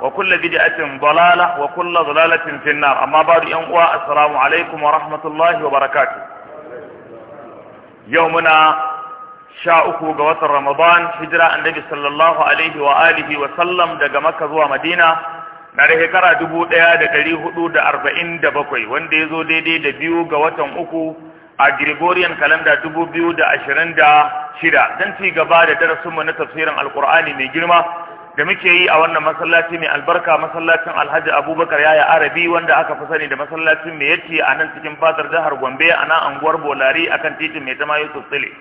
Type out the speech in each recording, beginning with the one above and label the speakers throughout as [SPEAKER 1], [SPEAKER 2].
[SPEAKER 1] wa kullu bid'atin dalalah wa kullu dalalatin fi nar amma ba'du yan uwa assalamu alaikum wa rahmatullahi wa barakatuh yau muna sha uku ga watan ramadan hijira annabi sallallahu alaihi wa alihi wa sallam daga makka zuwa madina na da shekara dubu ɗaya da ɗari hudu da arba'in da bakwai wanda ya zo daidai da biyu ga watan uku a gregorian kalanda dubu biyu da ashirin da shida don ci gaba da darasinmu na tafsirin alkur'ani mai girma da muke yi a wannan masallaci mai albarka masallacin alhaji abubakar yaya arabi wanda aka fi sani da masallacin mai yace a nan cikin fadar jihar gombe a nan anguwar bolari akan titin mai tama yusuf sile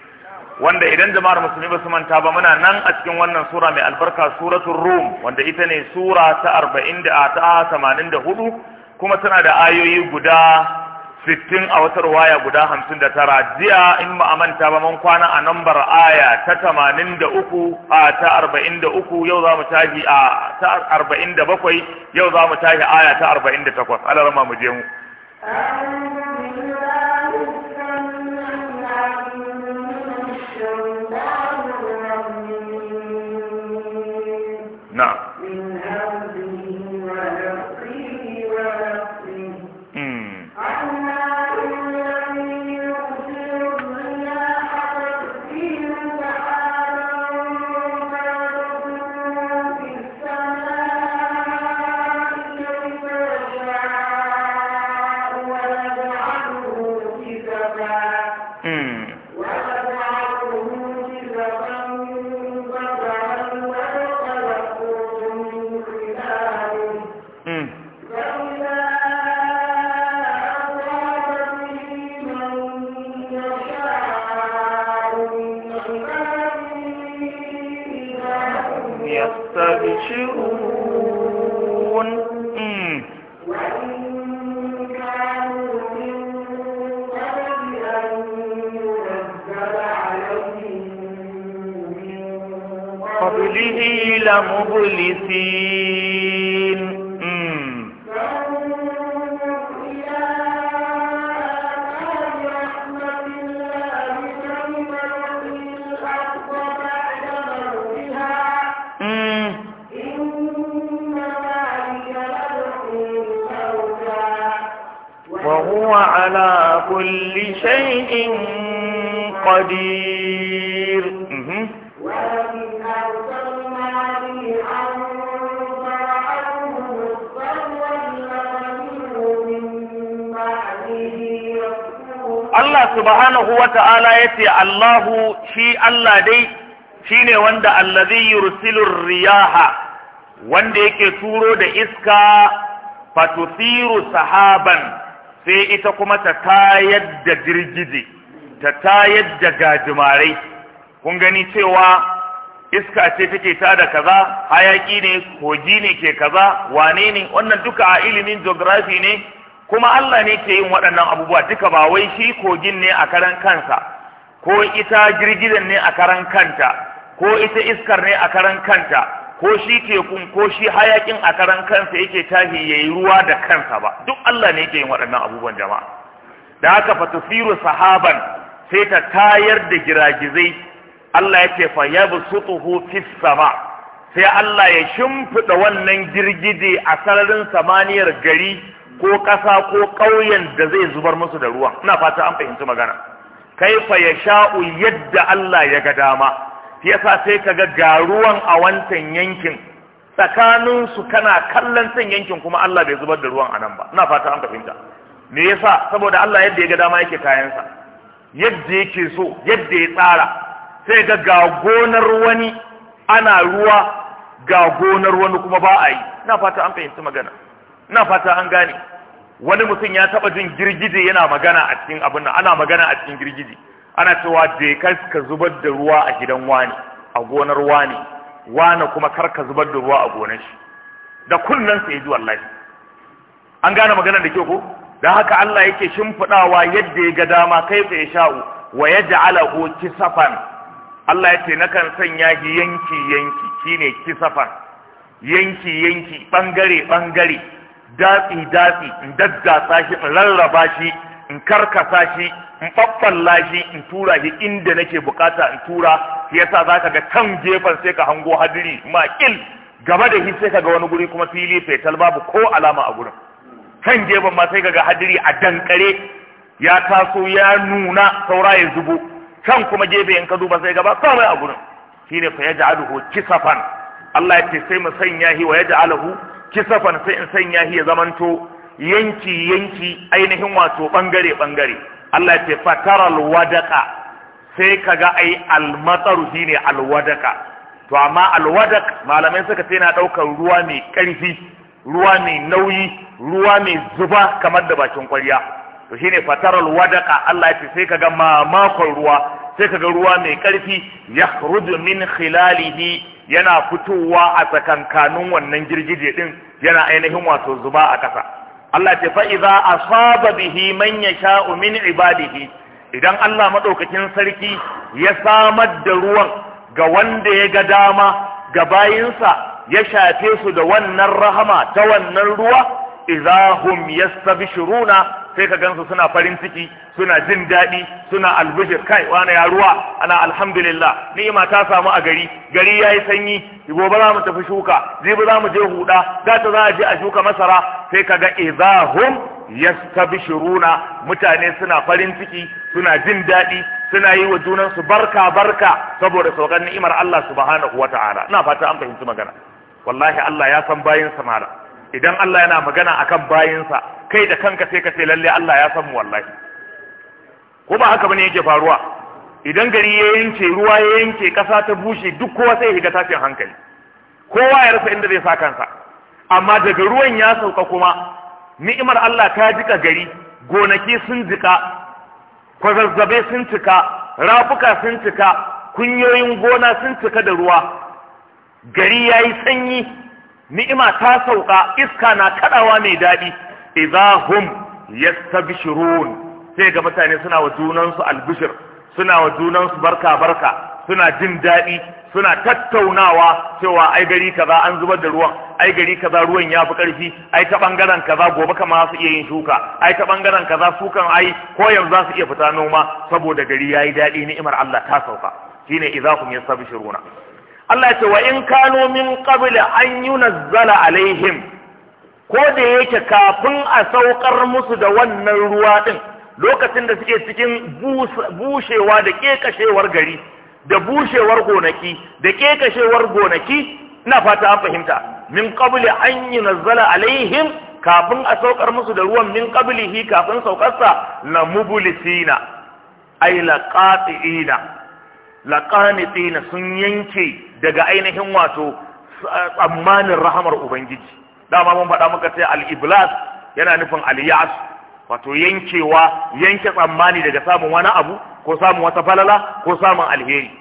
[SPEAKER 1] wanda idan jama'ar musulmi ba su manta ba muna nan a cikin wannan sura mai albarka suratul rum wanda ita ne sura ta arba'in da ta 84 kuma tana da ayoyi guda sittin a wata ruwaya guda hamsin da tara jiya in ba a manta ba mun kwana a nambar aya ta tamanin da uku a ta arba'in da uku yau za mu tashi a ta arba'in da bakwai yau za mu tashi aya ta arba'in da takwas alarma mu je mu na'am ta'ala yace Allahu shi Allah dai shine wanda allazi yursilur riyaha wanda yake turo da iska fatusiru sahaban sai ita kuma ta tayar da girgije ta tayar da gajimare kun gani cewa iska ce take ta da kaza hayaki ne kogi ne ke kaza wane ne wannan duka a ilimin geography ne kuma Allah ne ke yin waɗannan abubuwa duka ba wai shi kogin ne a karan kansa ko ita girgizan ne a karan kanta ko ita iskar ne a karan kanta ko shi tekun ko shi hayakin a karan kansa yake tahi yayi ruwa da kansa ba duk Allah ne ke yin waɗannan abubuwan jama'a da haka fatusiru sahaban sai ta tayar da giragizai Allah ya ce fa yabsutuhu fis sama sai Allah ya shimfida wannan girgije a sararin samaniyar gari ko ƙasa ko ƙauyen da zai zubar musu da ruwa. ina fata an fahimci magana kaifa ya sha'u yadda Allah ya ga dama shi yasa sai kaga ga ruwan a wancan yankin tsakanin su kana kallon san yankin kuma Allah bai zubar da ruwan anan ba ina fata an fahimta me yasa saboda Allah yadda ya ga dama yake kayansa yadda yake so yadda ya tsara sai ga ga gonar wani ana ruwa ga gonar wani kuma ba a yi ina fata an fahimci magana ina fata an gane wani mutum ya taba jin girgije yana magana a cikin abin nan ana magana a cikin girgije ana cewa je ka zubar da ruwa a gidan wani a gonar wani wani kuma kar ka zubar da ruwa a gonar shi da kullun sai ji wallahi an gane maganar da ke ko da haka Allah yake shimfidawa yadda ya ga dama kai tsaye sha'u wa yaj'alahu kisafan Allah ya ce nakan sanya yanki yanki shine kisafan yanki yanki bangare bangare datsi datsi in daddasa shi in rarraba shi in karkasa shi in faffalla shi in tura shi inda nake bukata in tura shi yasa zaka ga kan gefen sai ka hango hadiri makil gaba da shi sai ka ga wani guri kuma fili fetal babu ko alama a gurin kan gefen ma sai ka ga hadiri a dankare ya taso ya nuna saura ya zubo can kuma gefe in ka duba sai gaba komai a gurin shine fa yaj'aluhu kisafan Allah ya ce sai mu sanya shi wa yaj'aluhu kisafan sai in sanya shi ya zamanto yanki yanki ainihin wato bangare bangare Allah ya ce fataral wadaka sai kaga ai almataru shine alwadaka to amma alwadak malamai suka ce na daukar ruwa mai karfi ruwa mai nauyi ruwa mai zuba kamar da bakin kwarya to shine fataral wadaka Allah ya ce sai kaga mamakon ruwa sai kaga ruwa mai karfi ya min khilalihi yana fitowa a tsakankanin wannan girgije din yana ainihin wato zuba a ƙasa Allah ce fa idza asaba bihi man min ibadihi idan Allah madaukakin sarki ya samar da ruwan ga wanda ya ga dama ga bayinsa ya shafe su da wannan rahama ta wannan ruwa izahum yastabshiruna sai ka gansu suna farin ciki suna jin daɗi suna albishir kai wani ya ruwa ana alhamdulillah ni'ima ta samu a gari gari yayi sanyi gobe za mu tafi shuka jibi za mu je huda gata za a je a shuka masara sai ka ga izahum yastabshiruna mutane suna farin ciki suna jin daɗi suna yi wa junansu barka barka saboda saukan ni'imar Allah subhanahu wata'ala ina fata an fahimci magana wallahi Allah ya san bayin samara idan Allah yana magana akan bayinsa kai da kanka sai ka ce lalle Allah ya san mu wallahi ko ba haka bane yake faruwa idan gari ya yanke ruwa ya yanke kasa ta bushe duk kowa sai ya shiga tashin hankali kowa ya rasa inda zai sa kansa amma daga ruwan ya sauka kuma ni'imar Allah ta jika gari gonaki sun jika kwazazzabe sun cika rafuka sun cika kunyoyin gona sun cika da ruwa gari ya yi sanyi ni'ima ta sauka iska na kadawa mai daɗi idahum yastabshirun sai ga mutane suna wa junansu albishir suna wa junansu barka barka suna jin daɗi suna tattaunawa cewa ai gari kaza an zubar da ruwan ai gari kaza ruwan yafi fi ƙarfi ai ta bangaren kaza gobe kama su iya yin shuka ai ta bangaren kaza sukan ai ko yanzu za su iya fita noma saboda gari ya yi daɗi ni'imar Allah ta sauka shine idahum yastabshiruna Allah ya ce wa in kanu min qabla an yunazzala alaihim ko da yake kafin a saukar musu da wannan ruwa din lokacin da suke cikin bushewa da kekashewar gari da bushewar gonaki da kekashewar gonaki ina fata an fahimta min qabli an yunazzala alaihim kafin a saukar musu da ruwan min qablihi kafin saukarsa la mublisina ay laqatiina laqanitina sun yanke daga ainihin wato tsammanin rahamar ubangiji dama mun faɗa muka sai al-iblas yana nufin al wato yankewa yanke tsammani daga samun wani abu ko samun wata falala ko samun alheri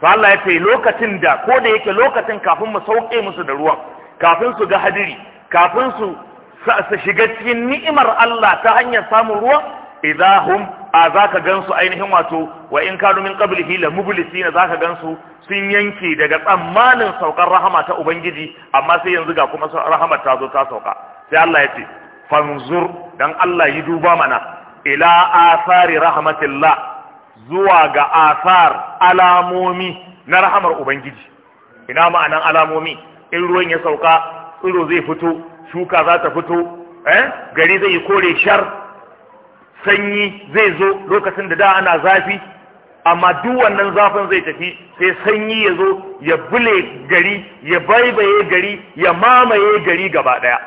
[SPEAKER 1] to Allah ya ce lokacin da ko da yake lokacin kafin mu sauke musu da ruwan kafin su ga hadiri kafin su shiga cikin ni'imar Allah ta hanyar samun ruwa idahum a za ka gansu ainihin wato wa in kanu min qablihi la mublisina za ka gansu sun yanke daga tsammanin saukar rahama ta ubangiji amma sai yanzu ga kuma rahamar ta zo ta sauka sai Allah ya ce fanzur dan Allah yi duba mana ila asari rahmatillah zuwa ga asar alamomi na rahamar ubangiji ina ma'anan alamomi in ruwan ya sauka tsiro zai fito shuka za ta fito eh, gari zai kore shar sanyi zai zo lokacin da da ana zafi amma duk wannan zafin zai tafi sai sanyi ya zo ya bule gari ya baibaye gari ya mamaye gari gaba daya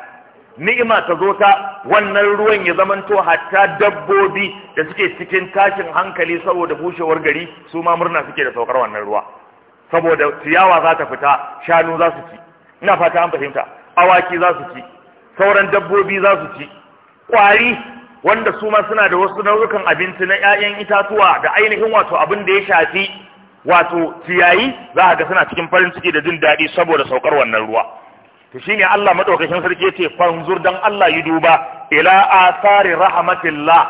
[SPEAKER 1] ni'ima ta zo ta wannan ruwan ya zamanto hatta dabbobi da suke cikin tashin hankali saboda bushewar gari su ma murna suke da saukar wannan ruwa saboda ciyawa za ta fita shanu za su ci ina fata an fahimta awaki za su ci sauran dabbobi za su ci kwari wanda su ma suna da wasu nau'ukan abinci na 'ya'yan itatuwa da ainihin wato abin da ya shafi wato ciyayi za ga suna cikin farin ciki da jin daɗi saboda saukar wannan ruwa to shine Allah madaukakin sarki yace fanzur dan Allah yi duba ila asari rahmatillah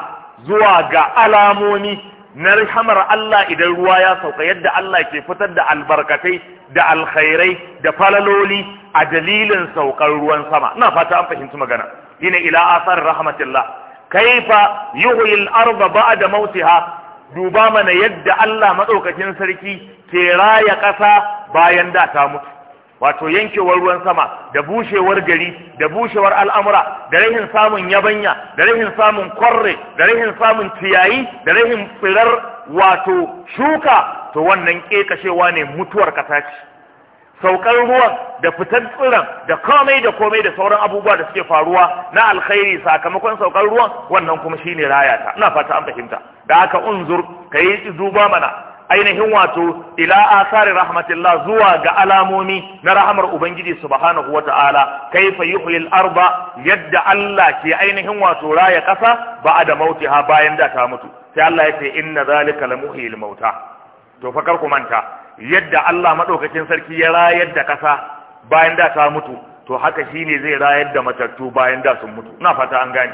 [SPEAKER 1] zuwa ga alamomi na rahamar Allah idan ruwa ya sauka yadda Allah ke fitar da albarkatai da alkhairai da falaloli a dalilin saukar ruwan sama ina fata an fahimci magana ina ila asar rahmatillah kaifa yuhyil arda ba'da mautiha duba mana yadda Allah madaukakin sarki ke raya ƙasa bayan da ta mutu wato yankewar ruwan sama da bushewar gari da bushewar al'amura da rahin samun yabanya da rahin samun kwarre da rahin samun ciyayi da rahin firar wato shuka to wannan kekashewa ne mutuwar ƙasa ce saukar ruwan da fitar tsiran da komai da komai da sauran abubuwa da suke faruwa na alkhairi sakamakon saukar ruwan wannan kuma shine rayata ina fata an fahimta da aka unzur kai duba mana ainihin wato ila asari rahmatillah zuwa ga alamomi na rahamar ubangiji subhanahu wata'ala kaifa yuhyil arba yadda Allah ke ainihin wato raya kasa ba da mautiha bayan da ta mutu sai Allah ya ce inna zalika lamuhyil mauta to fa kar ku manta yadda Allah madaukakin sarki ya rayar da kasa bayan da ta mutu to haka shine zai rayar da matattu bayan da sun mutu ina fata an gane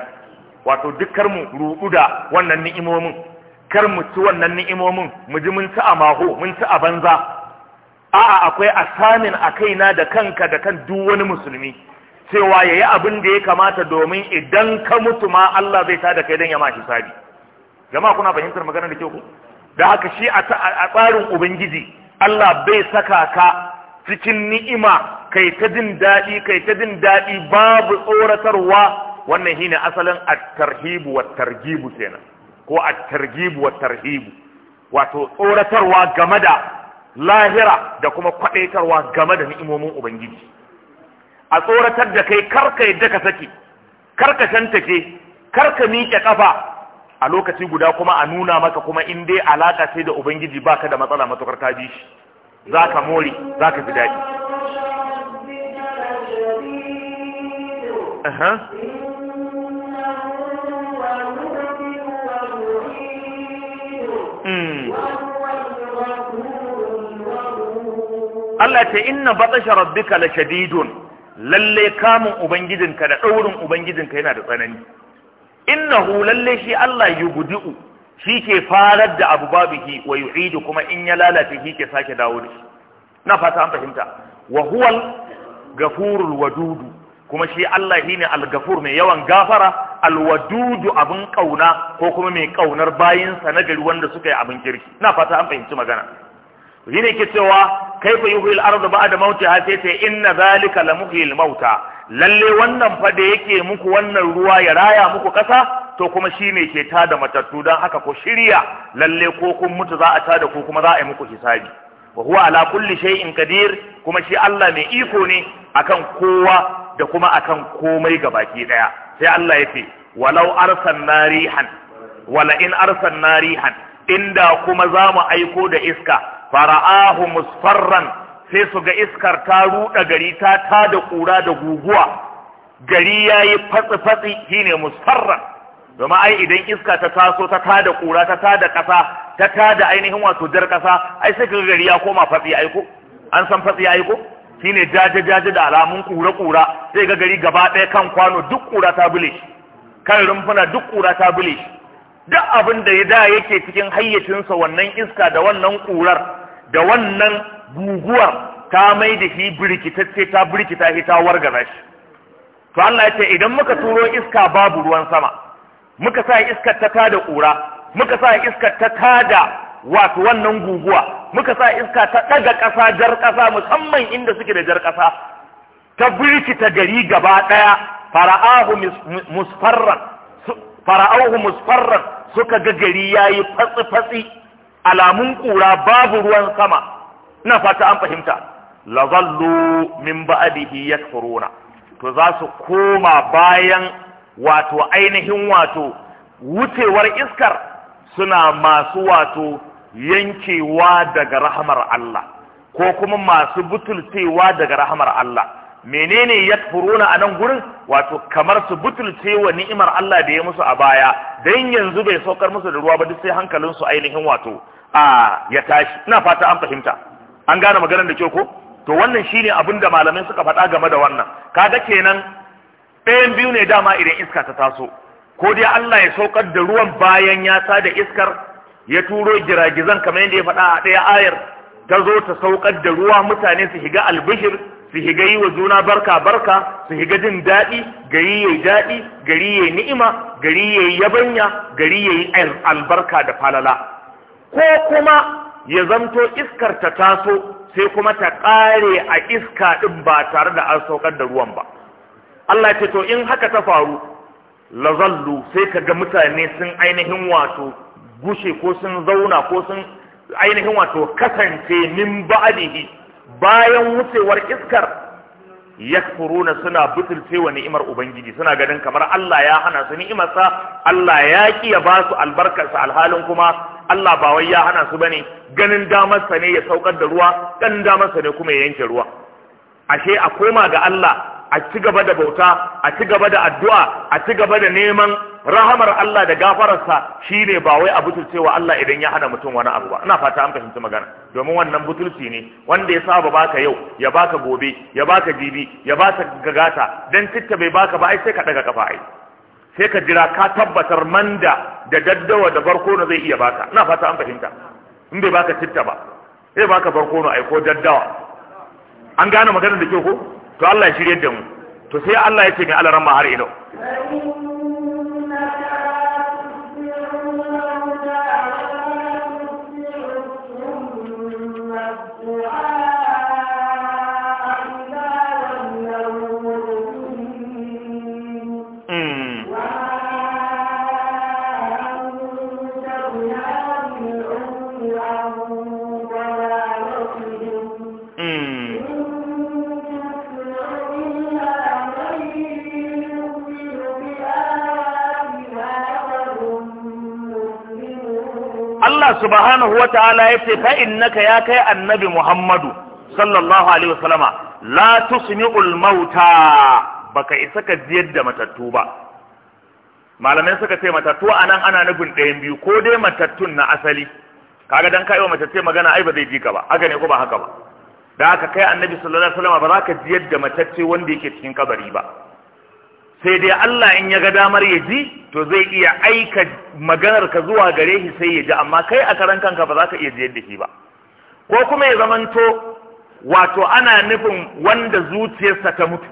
[SPEAKER 1] wato dukkan mu ruɗu da wannan ni'imomin kar mu ci wannan ni'imomin mu ji mun ci a mun ci a banza a'a akwai asamin a kaina da kanka da kan duk wani musulmi cewa yayi abin da ya kamata domin idan ka mutu ma Allah zai tada kai dan ya ma hisabi jama'a kuna fahimtar magana da kyau ku da haka shi a tsarin ubangiji Allah bai saka ka cikin ni'ima kai ta jin daɗi kai ta jin daɗi babu tsoratarwa wannan shine asalin at-tarhibu wat kenan ko at-targhibu wat-tarhibu wato tsoratarwa game da lahira da kuma kwadaitarwa game da ni'imomin ubangiji a tsoratar da kai karka yadda ka saki karka shantake karka miƙe kafa a lokaci guda kuma a nuna maka kuma in dai alaka sai da ubangiji baka da matsala matukar ta ji shi Za ka mori, za ka fi daɗi
[SPEAKER 2] hmm. Allah ce
[SPEAKER 1] inna batasha rabbika la shadidun lalle kamun ubangijinka da ɗaurin ubangijinka yana da tsanani innahu lalle shi Allah yubdi'u shi ke farar da abu babihi wa yu'idu kuma in ya lalace shi ke sake dawo da shi na fata an fahimta wa huwal gafurul wadudu kuma shi Allah shine al-gafur mai yawan gafara al-wadudu abin kauna ko kuma mai kaunar bayinsa na gari wanda suka yi abin kirki na fata an fahimci magana shine ke cewa kaifa yuhyil ardu ba'da mautiha sai sai inna zalika lamuhil muhyil mauta lalle wannan fa da yake muku wannan ruwa ya raya muku ƙasa to kuma shi ne ke tada matattu don haka ko shirya lalle ko kun mutu za a tada ko kuma za a yi muku hisabi wa huwa ala kulli shay'in qadir kuma shi Allah mai iko ne akan kowa da kuma akan komai gabaki daya sai Allah ya ce walau arsalna rihan wala in arsalna rihan inda kuma za mu aiko da iska fara'ahu musfarran sai su ga iskar ta ruɗa gari ta ta da ƙura da guguwa gari ya yi fatsi-fatsi shine musarran domin ai idan iska ta taso ta ta da ƙura ta ta da ƙasa ta ta da ainihin wato jar ƙasa ai sai kaga gari ya koma fatsi aiko an san fatsi aiko shine jaje-jaje da alamun ƙura-ƙura sai ga gari gaba ɗaya kan kwano duk ƙura ta bule shi kan rumfuna duk ƙura ta bule shi duk abin da ya da yake cikin hayyacinsa wannan iska da wannan ƙurar da wannan guguwar ta mai da shi birkitacce ta birkita shi ta wargaza shi to Allah ya ce idan muka turo iska babu ruwan sama muka sa iskar ta tada ƙura muka sa iskar ta tada wato wannan guguwa muka sa iska ta ɗaga ƙasa jar ƙasa musamman inda suke da jar ƙasa ta birkita gari gaba ɗaya fara'ahu musfarran fara'ahu musfarran suka ga gari yayi fatsi fatsi alamun ƙura babu ruwan sama ina fata an fahimta la zallu min ba'dihi yakfuruna to za su koma bayan wato ainihin wato wucewar iskar suna masu wato yankewa daga rahamar Allah ko kuma masu butulcewa daga rahamar Allah menene yakfuruna a nan gurin wato kamar su butulcewa ni'imar Allah da ya musu a baya dan yanzu bai saukar musu da ruwa ba duk sai hankalinsu ainihin wato a ya tashi ina fata an fahimta an gane maganar da ke ko to wannan shine abin da malamai suka faɗa game da wannan kaga kenan ɗayan biyu ne dama idan iska ta taso ko dai Allah ya saukar da ruwan bayan ya sa da iskar ya turo giragizan kamar yadda ya faɗa a ɗaya ayar ta zo ta saukar da ruwa mutane su higa albishir su higa yi wa juna barka barka su higa jin daɗi gari yayi daɗi gari yayi ni'ima gari yayi yabanya gari yayi albarka da falala ko kuma ya zamto iskar ta taso sai kuma ta ƙare a iska ɗin ba tare da an saukar da ruwan ba Allah ce to in haka ta faru lazallu sai ka ga mutane sun ainihin wato gushe ko sun zauna ko sun ainihin wato kasance min ba'adihi bayan wucewar iskar yakfuruna suna butulce wa ni'imar ubangiji suna ganin kamar Allah ya hana su ni'imarsa Allah ya ki ya ba su albarkarsa alhalin kuma Allah ba wai ya hana su bane ganin damarsa ne ya saukar da ruwa ganin damarsa ne kuma ya yanke ruwa ashe a koma ga Allah a ci gaba da bauta a ci gaba da addu'a a ci gaba da neman rahamar Allah da gafararsa shine ba wai a cewa Allah idan ya hana mutum wani abu ba ina fata an fahimci magana domin wannan butulci ne wanda ya saba baka yau ya baka gobe ya baka jibi ya baka gagata dan titta bai baka ba ai sai ka daga kafa ai sai ka jira ka tabbatar manda da daddawa da barkono zai iya baka ina fata an fahimta in bai baka titta ba sai baka barkono ai ko daddawa an gane maganar da kyau ko to Allah ya shirye da mu to sai Allah ya ce ga alaran ma har ilo subhanahu wa ta'ala ya ce fa innaka ya kai annabi Muhammadu sallallahu alaihi wasallama la tusmi'ul mauta baka isa ka ziyar da matattu ba malamai suka ce matattu anan ana nufin ɗayan biyu ko dai matattun na asali kaga dan kai wa matacce magana ai ba zai ji ka ba haka ne ko ba haka ba da haka kai annabi sallallahu alaihi wasallama ba za ka ziyar da matacce wanda yake cikin kabari ba sai dai Allah in ya ga damar ya ji to zai iya aika maganar ka zuwa gare shi sai ya ji amma kai a karan kanka ba za ka iya jiyar da shi ba ko kuma ya zamanto wato ana nufin wanda zuciyarsa ta mutu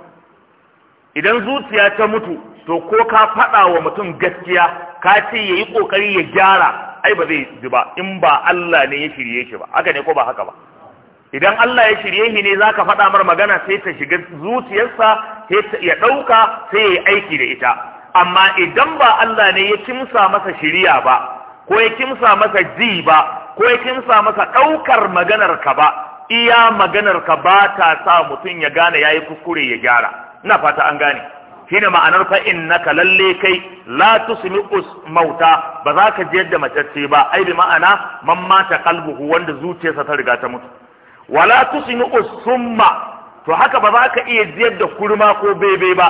[SPEAKER 1] idan zuciya ta mutu to ko ka faɗa wa mutum gaskiya ka ce ya yi ƙoƙari ya gyara ai ba zai ji ba in ba Allah ne ya shirye shi ba haka ne ko ba haka ba idan Allah ya shirye shi ne za ka faɗa mar magana sai ta shiga zuciyarsa ya ɗauka sai ya yi aiki da ita amma idan ba Allah ne ya kimsa masa shiriya ba ko ya kimsa masa ji ba ko ya kimsa masa ɗaukar maganar ka ba iya maganar ka ba ta sa mutum ya gane ya yi kuskure ya gyara ina fata an gane shine ma'anar fa innaka lalle kai la tusmi'u mauta ba za ka jiyar yadda matacce ba ai bi ma'ana man mata kalbuhu wanda zuciyarsa ta riga ta mutu wala tusmi'u summa to haka ba za ka iya ziyar da kurma ko bebe ba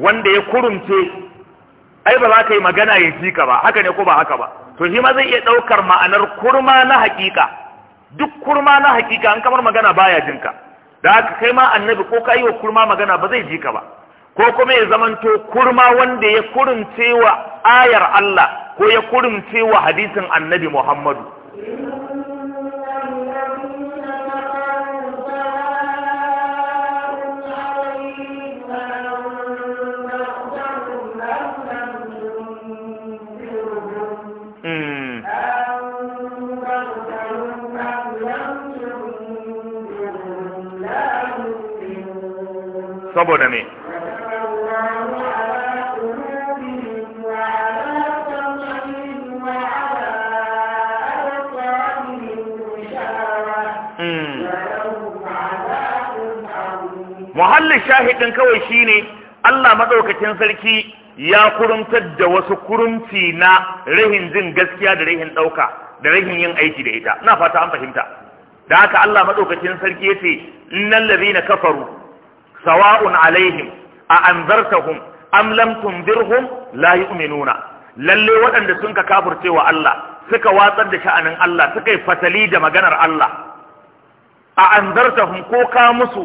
[SPEAKER 1] wanda ya kurumce ai ba za ka yi magana ya ji ka ba haka ne ko ba haka ba to shi ma zai iya ɗaukar ma'anar kurma na hakika, duk kurma na hakika, an kamar magana baya jinka da haka kai ma annabi ko ka yi wa kurma magana ba zai ji ka ba ko kuma ya zamanto kurma wanda ya kurumce wa ayar Allah ko ya kurumce wa hadisin annabi Muhammadu
[SPEAKER 2] saboda me hmm. muhallin
[SPEAKER 1] shahidin kawai shine Allah madaukakin sarki ya kurumtar da wasu kurumci na rahin jin gaskiya da rahin ɗauka da rahin yin aiki da ita ina fata an fahimta da haka Allah madaukakin sarki ya ce yace innal na kafaru sawa'un alaihim a anzartahum am lam tunzirhum la yu'minuna lalle waɗanda sun ka kafirce wa Allah suka watsar da sha'anin Allah suka yi fatali da maganar Allah a anzartahum ko ka musu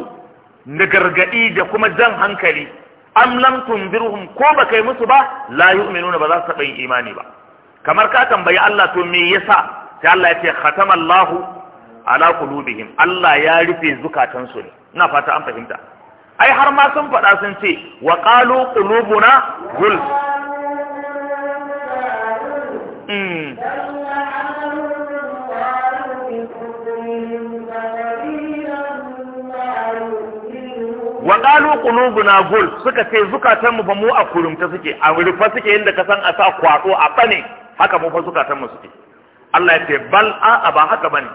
[SPEAKER 1] na gargadi da kuma jan hankali am lam tunzirhum ko ba kai musu ba la yu'minuna ba za su taɓa yin imani ba kamar ka tambayi Allah to me yasa sai Allah ya ce khatamallahu ala qulubihim Allah ya rufe zukatansu ne ina fata an fahimta ai har ma sun faɗa sun ce wa qalu
[SPEAKER 2] qulubuna
[SPEAKER 3] Gul. Hmm.
[SPEAKER 2] wa
[SPEAKER 1] qalu qulubuna gul suka ce zukatan mu fa mu a kurumta suke a rufa suke inda ka san a sa kwaɗo a bane haka mu fa zukatan mu suke Allah ya ce bal a ba haka bane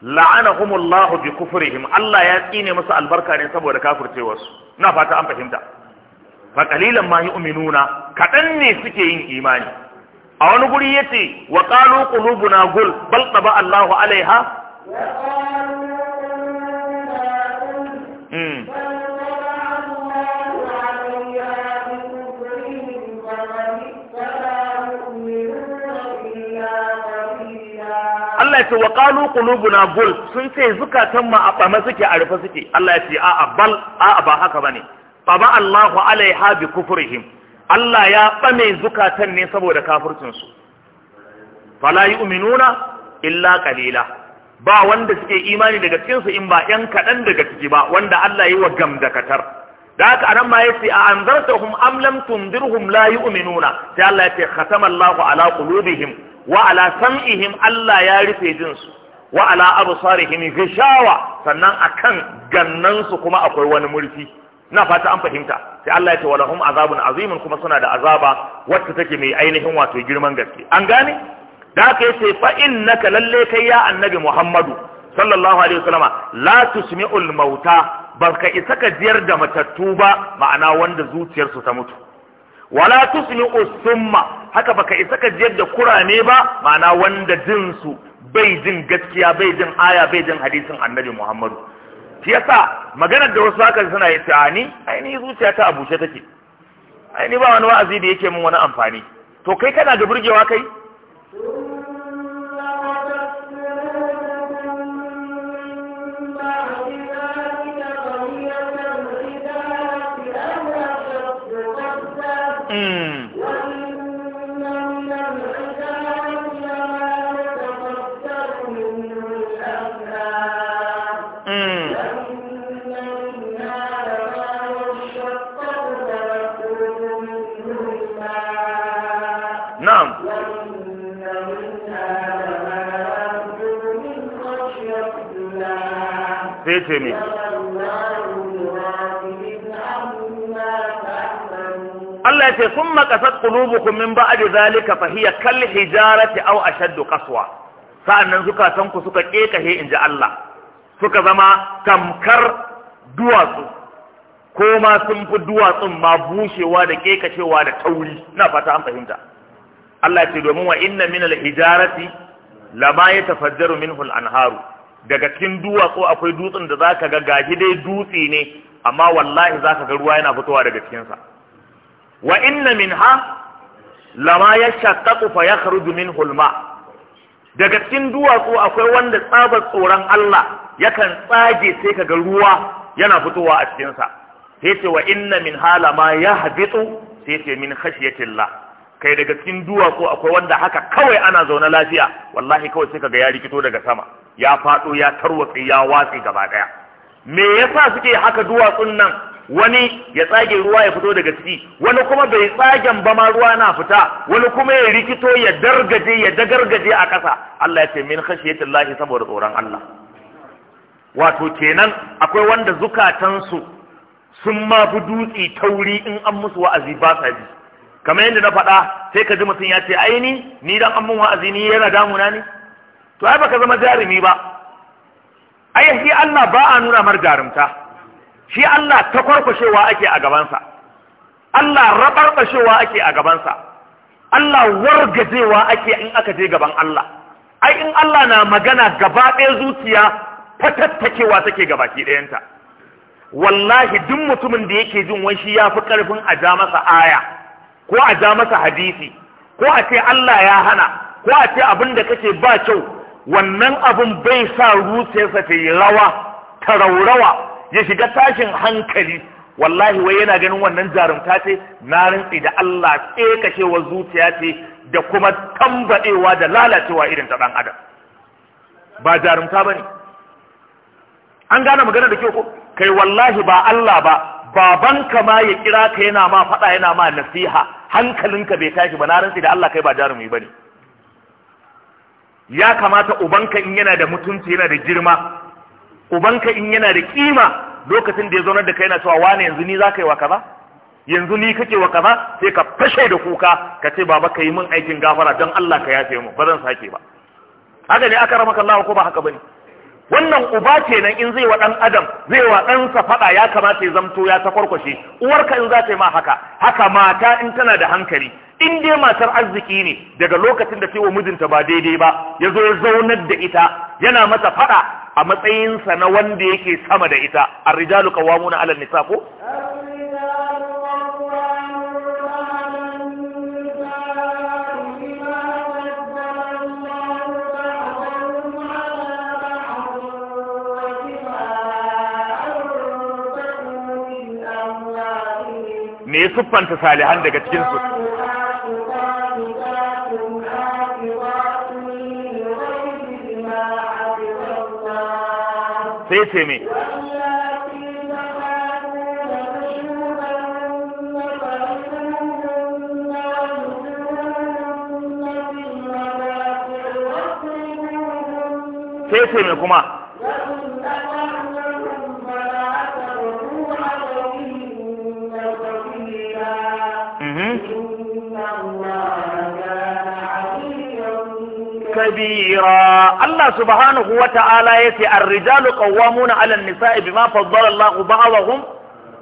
[SPEAKER 1] la'anahumullahu bi kufrihim Allah ya tsine musu albarka ne saboda kafircewarsu ina fata an fahimta fa qalilan ma yu'minuna kadan ne suke yin imani a wani guri yace wa qalu qulubuna gul bal taba Allahu alaiha hmm. Allah ya ce wa qalu qulubuna bul sun ce zukatan ma a fama suke a rufe suke Allah ya ce a'a bal a'a ba haka bane ba Allahu alaiha bi kufrihim Allah ya bame zukatan ne saboda kafircin su fala yu'minuna illa qalila ba wanda suke imani daga cikin su in ba yan kadan daga ciki ba wanda Allah yi wa gamdakatar da haka anan ma yace a anzartahum am lam tundirhum la yu'minuna sai Allah yace khatama Allahu ala qulubihim Wa'ala sam'ihin Allah ya rufe jin su wa ala absarihim ghishawa sannan akan gannan su kuma akwai wani murfi na fata an fahimta sai Allah ya ce walahum azabun azimun kuma suna da azaba wacce take mai ainihin wato girman gaske an gane da aka yace fa innaka lalle kai ya annabi Muhammadu sallallahu alaihi wasallama la tusmi'ul mauta baka isa ka jiyar da matattu ba ma'ana wanda zuciyarsu ta mutu wala tusliqu thumma haka baka isa ka jiyar da kurame ba mana wanda jin su bai jin gaskiya bai jin aya bai jin hadisin annabi Muhammadu shi yasa maganar da wasu haka suna yi ta ni ainihi zuciya ta abushe take ainihi ba wani wa'azi da yake min wani amfani to kai kana da burgewa kai
[SPEAKER 2] sai ce mai
[SPEAKER 1] Allah ya ce sun qasat qulubukum min ba'di zalika fa hiya kal hijarati au ashaddu qaswa sa'annan zukatan ku suka kekahe ji Allah suka zama tamkar duwatsu ko ma sun fi duwatsun ma bushewa da kekashewa da tauri na fata an fahimta Allah ce domin wa inna min al hijarati lama yatafajjaru minhu al anharu daga cikin duwatsu akwai dutsen da zaka ga gashi dai dutse ne amma wallahi zaka ga ruwa yana fitowa daga cikinsa. sa wa inna minha lama yashaqqaqu fa ya minhu al hulma. daga cikin duwatsu akwai wanda tsabar tsoron Allah yakan tsage sai kaga ruwa yana fitowa a cikin sa sai ce wa inna min hala ya yahbitu sai ce min khashyatillah kai daga cikin duwatsu akwai wanda haka kawai ana zaune lafiya wallahi kawai sai kaga ya rikito daga sama ya fado ya tarwatsi ya watsi gaba daya me yasa suke haka duwatsun nan wani ya tsage ruwa ya fito daga ciki wani kuma bai tsagen ba ma ruwa na fita wani kuma ya rikito ya dargaje ya dagargaje a ƙasa Allah ya ce min khashiyatillahi saboda tsoron Allah wato kenan akwai wanda zukatansu sun ma bu dutse tauri in an musu wa'azi ba sa bi kamar yadda na faɗa sai ka ji mutum ya ce ai ni ni dan an mun wa'azi ni yana damuna ne to ai baka zama jarumi ba ai shi Allah ba a nuna mar jarumta shi Allah ta kwarkwashewa ake a gabansa Allah rabarbashewa ake a gabansa Allah wargajewa ake in aka je gaban Allah ai in Allah na magana gaba ɗaya zuciya fatattakewa take ke ɗayanta wallahi duk mutumin da yake jin wanshi ya fi karfin a ja masa aya ko a ja masa hadisi ko a ce Allah ya hana ko a ce abin da kake ba kyau wannan abin bai sa rawa ta raurawa ya shiga tashin hankali wallahi wai yana ganin wannan jarumta ce na rintsi da Allah kekashewar zuciya ce da kuma tambadewa da lalacewa irin ta dan adam ba jarumta bane an gane magana da kyau ko kai wallahi ba Allah ba babanka ma ya kira ka yana ma faɗa yana ma nasiha hankalinka bai tashi ba na rantsi da Allah kai ba jarumi bane ya kamata ubanka in yana da mutunci yana da girma ubanka in yana da kima lokacin da ya zaunar da kai na cewa wane yanzu ni za ka yi wa kaza yanzu ni kake wa kaza sai ka fashe da kuka ka ce baba ka yi min aikin gafara don Allah ka yafe mu ba zan sake ba haka ne aka ramaka Allah ko ba haka bane wannan uba kenan in zai wa ɗan adam zai wa ɗansa faɗa ya kamata ya zamto ya ta kwarkwashe uwarka in za ta yi ma haka haka mata in tana da hankali in dai matar arziki ne daga lokacin da wa mijinta ba daidai ba ya zo ya zaunar da ita yana mata faɗa a matsayinsa na wanda yake sama da ita arrijalu qawwamuna na nisa ko
[SPEAKER 2] me siffanta
[SPEAKER 1] salihan daga cikin su
[SPEAKER 2] sai ce me sai ce me kuma كبيرا
[SPEAKER 1] الله سبحانه وتعالى يتي الرجال an على النساء بما فضل الله بعضهم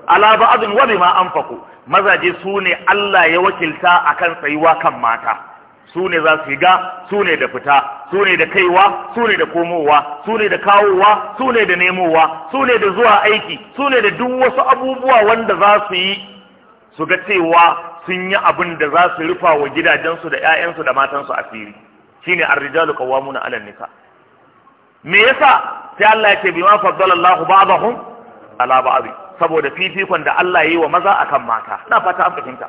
[SPEAKER 1] على بعض وبما أنفقوا mazaje su ne Allah ya wakilta a kan tsayuwa kan mata su ne za su ga su ne da fita su ne da kaiwa su ne da komowa su ne da kawowa su ne da nemowa su ne da zuwa aiki su ne da duk wasu abubuwa wanda za su yi su ga cewa sun yi abin da za su rufa wa gidajensu da 'ya'yansu da matansu asiri shine ar-rijalu qawwamuna 'ala an-nisa me yasa sai Allah ya ce bima faddala Allahu ba'dahum ala ba'd saboda fifikon da Allah yi wa maza akan mata ina fata an fahimta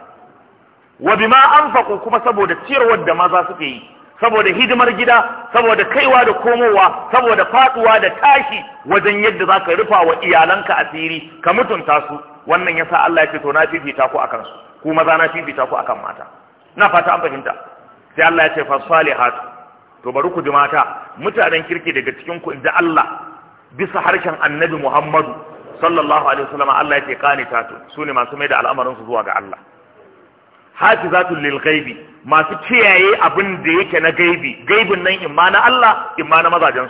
[SPEAKER 1] wa bima anfaqu kuma saboda ciyarwar da maza suke yi saboda hidimar gida saboda kaiwa da komowa saboda faduwa da tashi wajen yadda zaka rufa wa iyalanka asiri ka mutunta su wannan yasa Allah ya ce to na fifita ku akan su ku maza na fifita ku akan mata ina fata an fahimta sai Allah ya ce fasalihatu to bari ku ji mata mutanen kirki daga cikin ku inda Allah bisa harshen annabi Muhammadu sallallahu alaihi wasallam Allah ya ce su sune masu mai da al'amarin su zuwa ga Allah hafizatul lil ghaibi masu kiyaye abin da yake na gaibi gaibin nan imma na Allah imma na mazajen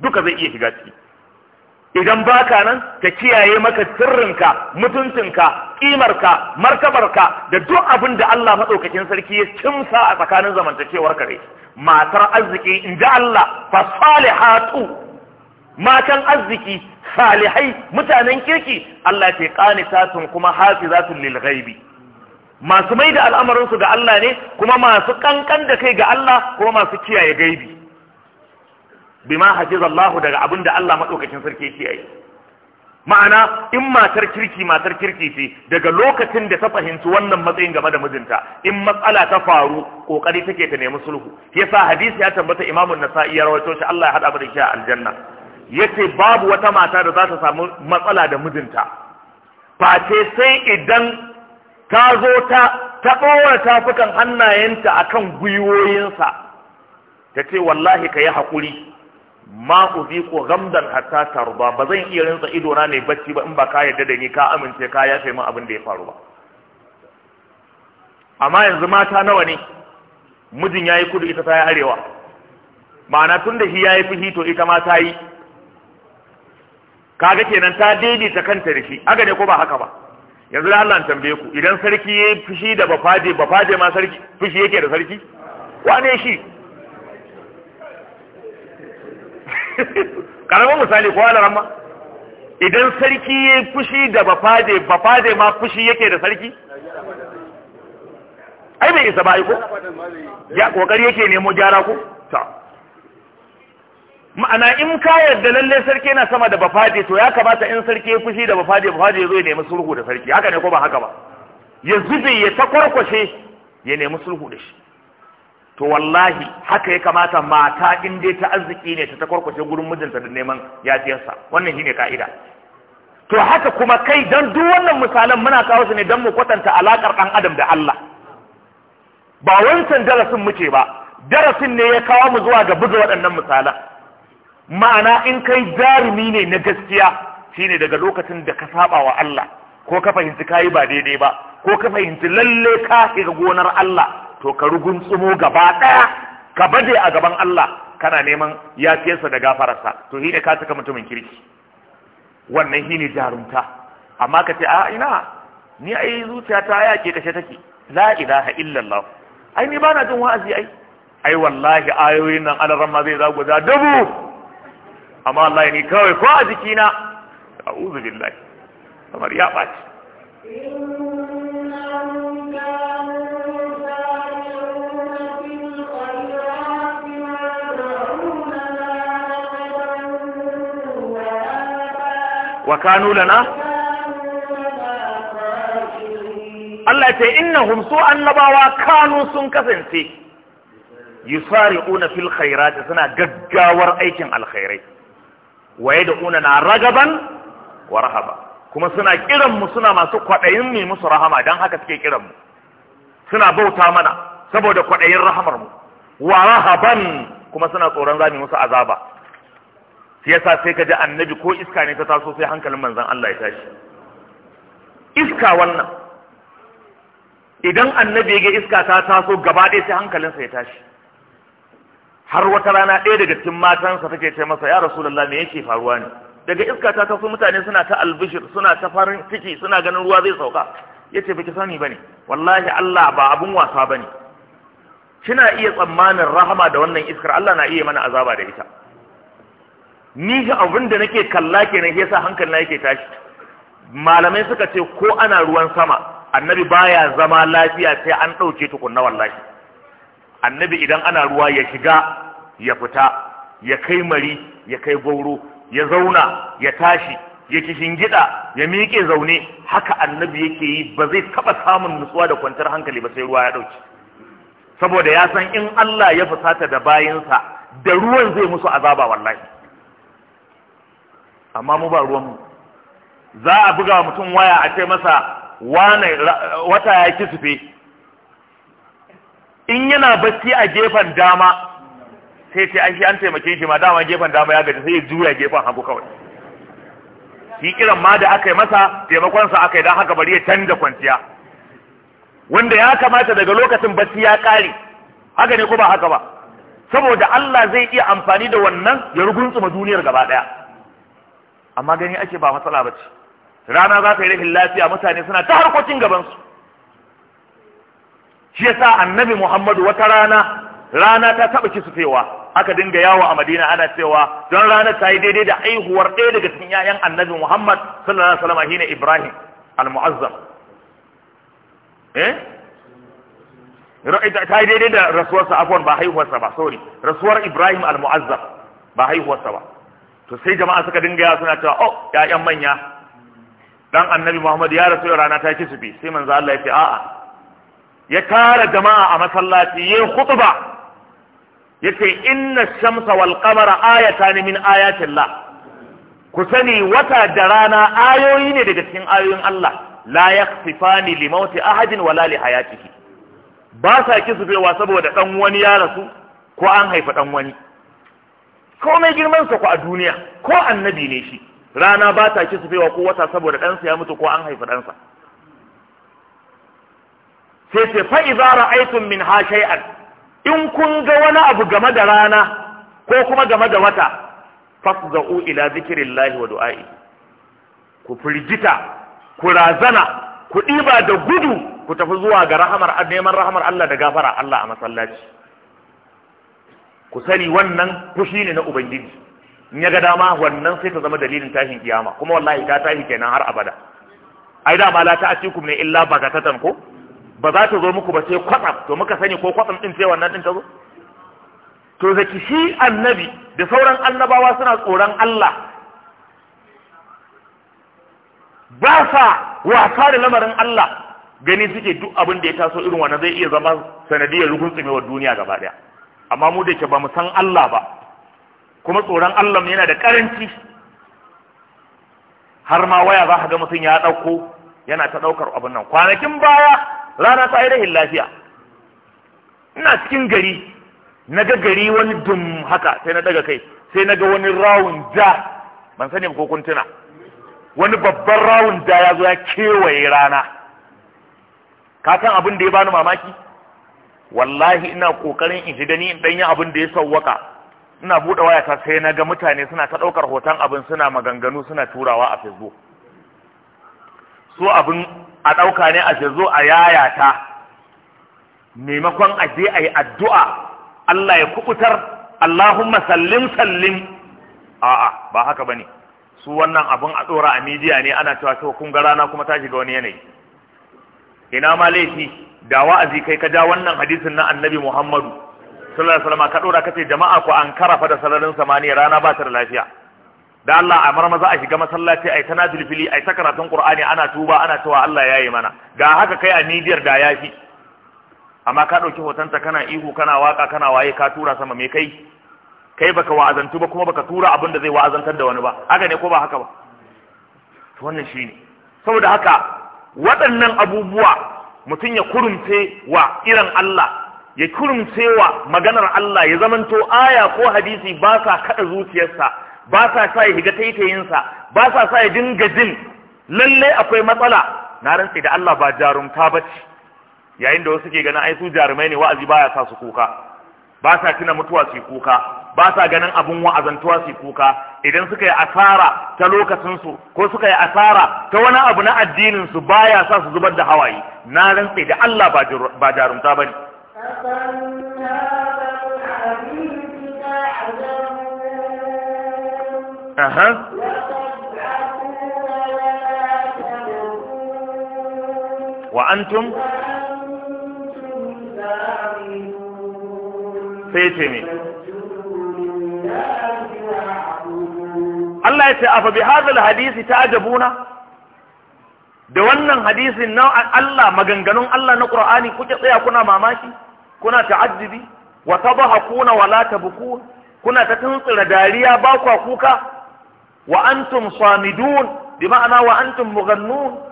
[SPEAKER 1] duka zai iya shiga ciki idan baka nan ta kiyaye maka sirrinka mutuncinka ƙimarka, martabarka da duk abin da Allah madaukakin sarki ya cimsa a tsakanin zamantakewar ka matar arziki in ji Allah fa salihatu matan arziki salihai mutanen kirki Allah ƙane qanitatun kuma hafizatun lil ghaibi masu mai da al'amarinsu ga Allah ne kuma masu ƙanƙan da kai ga Allah kuma masu kiyaye gaibi bima hajizallahu daga abin da Allah madaukakin sarki yake yi ma'ana in matar kirki matar kirki ce daga lokacin da ta fahimci wannan matsayin game da mijinta in matsala ta faru kokari take ta nemi sulhu yasa hadisi ya tambata imamun nasa'i ya rawaito shi Allah ya hada mu da shi a aljanna yace babu wata mata da za ta samu matsala da mijinta ce sai idan ta zo ta ta dora tafukan hannayenta akan gwiwoyinsa ta ce wallahi ka yi haƙuri ma ko Gamdan, hatta Tarba, ba zan iya rinsa ido na ne bacci ba in ba ka yarda da ni ka amince ka yafe min abin da ya faru ba amma yanzu mata nawa ne mijin yayi kudu ita ta yi arewa ma'ana tun da shi yayi fihi to ita ma ta yi kaga kenan ta ta kanta da shi aga ne ko ba haka ba yanzu da Allah tambaye ku idan sarki ya fishi da bafaje bafaje ma sarki fishi yake da sarki wane shi karamin misali ko ala ramma idan sarki ya fushi da bafade bafade ma fushi yake da sarki ai bai isa ba ai ko ya kokari yake nemo gyara ko ta ma'ana in ka yarda lalle sarki yana sama da bafade to ya kamata in sarki ya fushi da bafade bafade ya zo ya nemi sulhu da sarki haka ne ko ba haka ba ya zube ya takwarkwashe ya nemi sulhu da shi to wallahi haka ya kamata mata in dai ta arziki ne ta takwarkwashe gurin mijinta da neman yafiyarsa wannan shine ka'ida to haka kuma kai dan duk wannan misalan muna kawo su ne dan mu kwatanta alakar dan adam da Allah ba wancan darasin muke ba darasin ne ya kawo mu zuwa ga buga waɗannan misalan ma'ana in kai jarumi ne na gaskiya shine daga lokacin da ka saba wa Allah ko ka fahimci kayi ba daidai ba ko ka fahimci lalle ka shiga gonar Allah to ka rugun tsumo gaba ɗaya ka bade a gaban Allah kana neman ya sa da gafararsa to hine ka saka mutumin kirki wannan hine jarumta amma ka ce a ina ni yi zuciya ta yake kashe take la ilaha illallah ai ni bana jin wa'azi ai ai wallahi ayoyin nan ala ma zai zaguza dubu amma wallahi ni kawai ko a jikina a'udhu billahi kamar ya ɓaci
[SPEAKER 2] wa kanu lana Allah ce innahum
[SPEAKER 1] su annabawa kanu sun kasance yusari'una fil khairati suna gaggawar aikin alkhairai da una na ragaban wa rahaba kuma suna kiran mu suna masu kwadayin mu musu rahama dan haka suke kiran mu suna bauta mana saboda kwadayin rahamar mu wa rahaban kuma suna tsoron zami musu azaba shi yasa sai ka annabi ko iska ne ta taso sai hankalin manzon Allah ya tashi iska wannan idan annabi ya ga iska ta taso gaba ɗaya sai hankalinsa ya tashi har wata rana ɗaya daga cikin matansa take ce masa ya rasulullah me yake faruwa ne daga iska ta taso mutane suna ta albishir suna ta farin ciki suna ganin ruwa zai sauka yace baki sani bane wallahi Allah ba abun wasa bane kina iya tsammanin rahama da wannan iskar Allah na iya mana azaba da ita ni ga abin da nake kalla kenan yasa hankali na yake tashi malamai suka ce ko ana ruwan sama annabi baya zama lafiya sai an ɗauke tukunna wallahi annabi idan ana ruwa ya shiga ya fita ya kai mari ya kai gauro ya zauna ya tashi ya kishingida ya miƙe zaune haka annabi yake yi ba zai taɓa samun nutsuwa da kwantar hankali ba sai ruwa ya dauke saboda ya san in Allah ya fusata da bayinsa da ruwan zai musu azaba wallahi amma mu ba ruwanmu za a buga mutum waya a ce masa wane wata ya kisufe in yana bacci a gefen dama sai ce an shi an taimake shi ma dama gefen dama ya gaji sai ya juya gefen hagu kawai shi kiran ma da aka yi masa taimakonsa aka yi don haka bari ya canza kwanciya wanda ya kamata daga lokacin bacci ya kare haka ne ko ba haka ba saboda Allah zai iya amfani da wannan ya ma duniyar gaba daya amma gani ake ba matsala ba ce rana za ta yi rahin lafiya mutane suna ta harkokin gabansu shi sa annabi muhammadu wata rana rana ta taɓa fewa aka dinga yawo a madina ana cewa don rana ta yi daidai da aihuwar ɗaya daga cikin 'ya'yan annabi muhammad sallallahu alaihi wasallam shine ibrahim al eh ta yi daidai da rasuwarsa afwan ba haihuwarsa ba sorry rasuwar ibrahim al ba haihuwarsa ba to sai jama'a suka dinga ya suna cewa oh ƴaƴan manya dan annabi Muhammad ya rasu rana ta bi sai manzo Allah ya ce a'a ya tara jama'a a masallaci yayin khutba yace inna shamsa wal qamara ayatan min ayatin ku sani wata da rana ayoyi ne daga cikin ayoyin Allah la yaqtifani li mauti ahadin wala li hayatihi ba sa kisufewa saboda dan wani ya rasu ko an haifa dan wani komai girman sa ku a duniya ko annabi ne shi rana ba ta ki sufewa ko wata saboda ɗansa ya mutu ko an haifi ɗansa sai ce fa idza ra'aytum min ha shay'an in kun ga wani abu game da rana ko kuma game da wata fasda'u ila zikrillahi wa du'a'i ku firgita ku razana ku ɗiba da gudu ku tafi zuwa ga rahamar neman rahamar Allah da gafara Allah a masallaci ku sani wannan fushi ne na ubangiji in ya ga dama wannan sai ta zama dalilin tashin kiyama kuma wallahi ta tashi kenan har abada ai dama la ta atikum ne illa bagatatan ko ba za ta zo muku ba sai kwatsam to muka sani ko kwatsam din sai wannan din ta zo to da shi annabi da sauran annabawa suna tsoron Allah ba sa wasa da lamarin Allah gani suke duk abin da ya taso irin wannan zai iya zama sanadiyar rugun wa duniya gaba daya amma mu da ke ba mu san Allah ba kuma tsoron Allah yana da karanci har ma waya za ka ga mutum ya ɗauko yana ta ɗaukar abin nan kwanakin baya rana ta yi rahin lafiya ina cikin gari na ga gari wani dum haka sai na daga kai sai na ga wani rawun ja ban sani ko kuntuna wani babban rawun ja ya zo ya kewaye rana ka san abin da ya bani mamaki wallahi ina kokarin in ji dani in danyi abin da ya sawwaka ina bude ta sai na ga mutane suna ta daukar hoton abin suna maganganu suna turawa a Facebook so abin a dauka ne a Facebook a yayata maimakon a je a addu'a Allah ya kubutar Allahumma sallim sallim a'a ba haka bane su wannan abin a dora a media ne ana cewa to kun ga rana kuma ta shiga wani yanayi ina ma laifi da wa'azi kai ka ja wannan hadisin na annabi Muhammadu sallallahu alaihi wasallam ka dora kace jama'a ku an karafa da sararin samaniya rana ba ta da lafiya da Allah a marma maza a shiga masallaci ai tana filfili ai ta karatun Qur'ani ana tuba ana cewa Allah yayi mana ga haka kai a nidiyar da yafi amma ka dauki ta kana ihu kana waka kana waye ka tura sama me kai kai baka wa'azantu ba kuma baka tura abin da zai wa'azantar da wani ba haka ne ko ba haka ba to wannan shine saboda haka waɗannan abubuwa mutum ya kurumce wa irin Allah ya kurumce wa maganar Allah ya zamanto aya ko hadisi ba sa kada zuciyarsa ba sa sa ya higa taitayinsa ba sa sa ya dinga jin lalle akwai matsala na rantse da Allah ba jarumta ba ce yayin da wasu ke ganin ai su jarumai ne wa'azi baya sa su kuka ba sa tuna mutuwa su kuka ba sa ganin abun wa'azantuwa su kuka idan suka yi asara ta lokacinsu ko suka yi asara ta wani abu na addininsu baya sa su zubar da hawaye na rantse da Allah ba jarumta ba ne
[SPEAKER 3] Aha.
[SPEAKER 2] wa antum sai ce ne Allah ya ce afa bi hadal
[SPEAKER 1] hadisi ta ajabuna da wannan hadisin na Allah maganganun Allah na Qur'ani kuke tsaya kuna mamaki kuna ta'addibi wa tadhakuna wa la tabkun kuna ta tuntsira dariya ba kwa kuka wa antum samidun bi ma'ana wa antum mughannun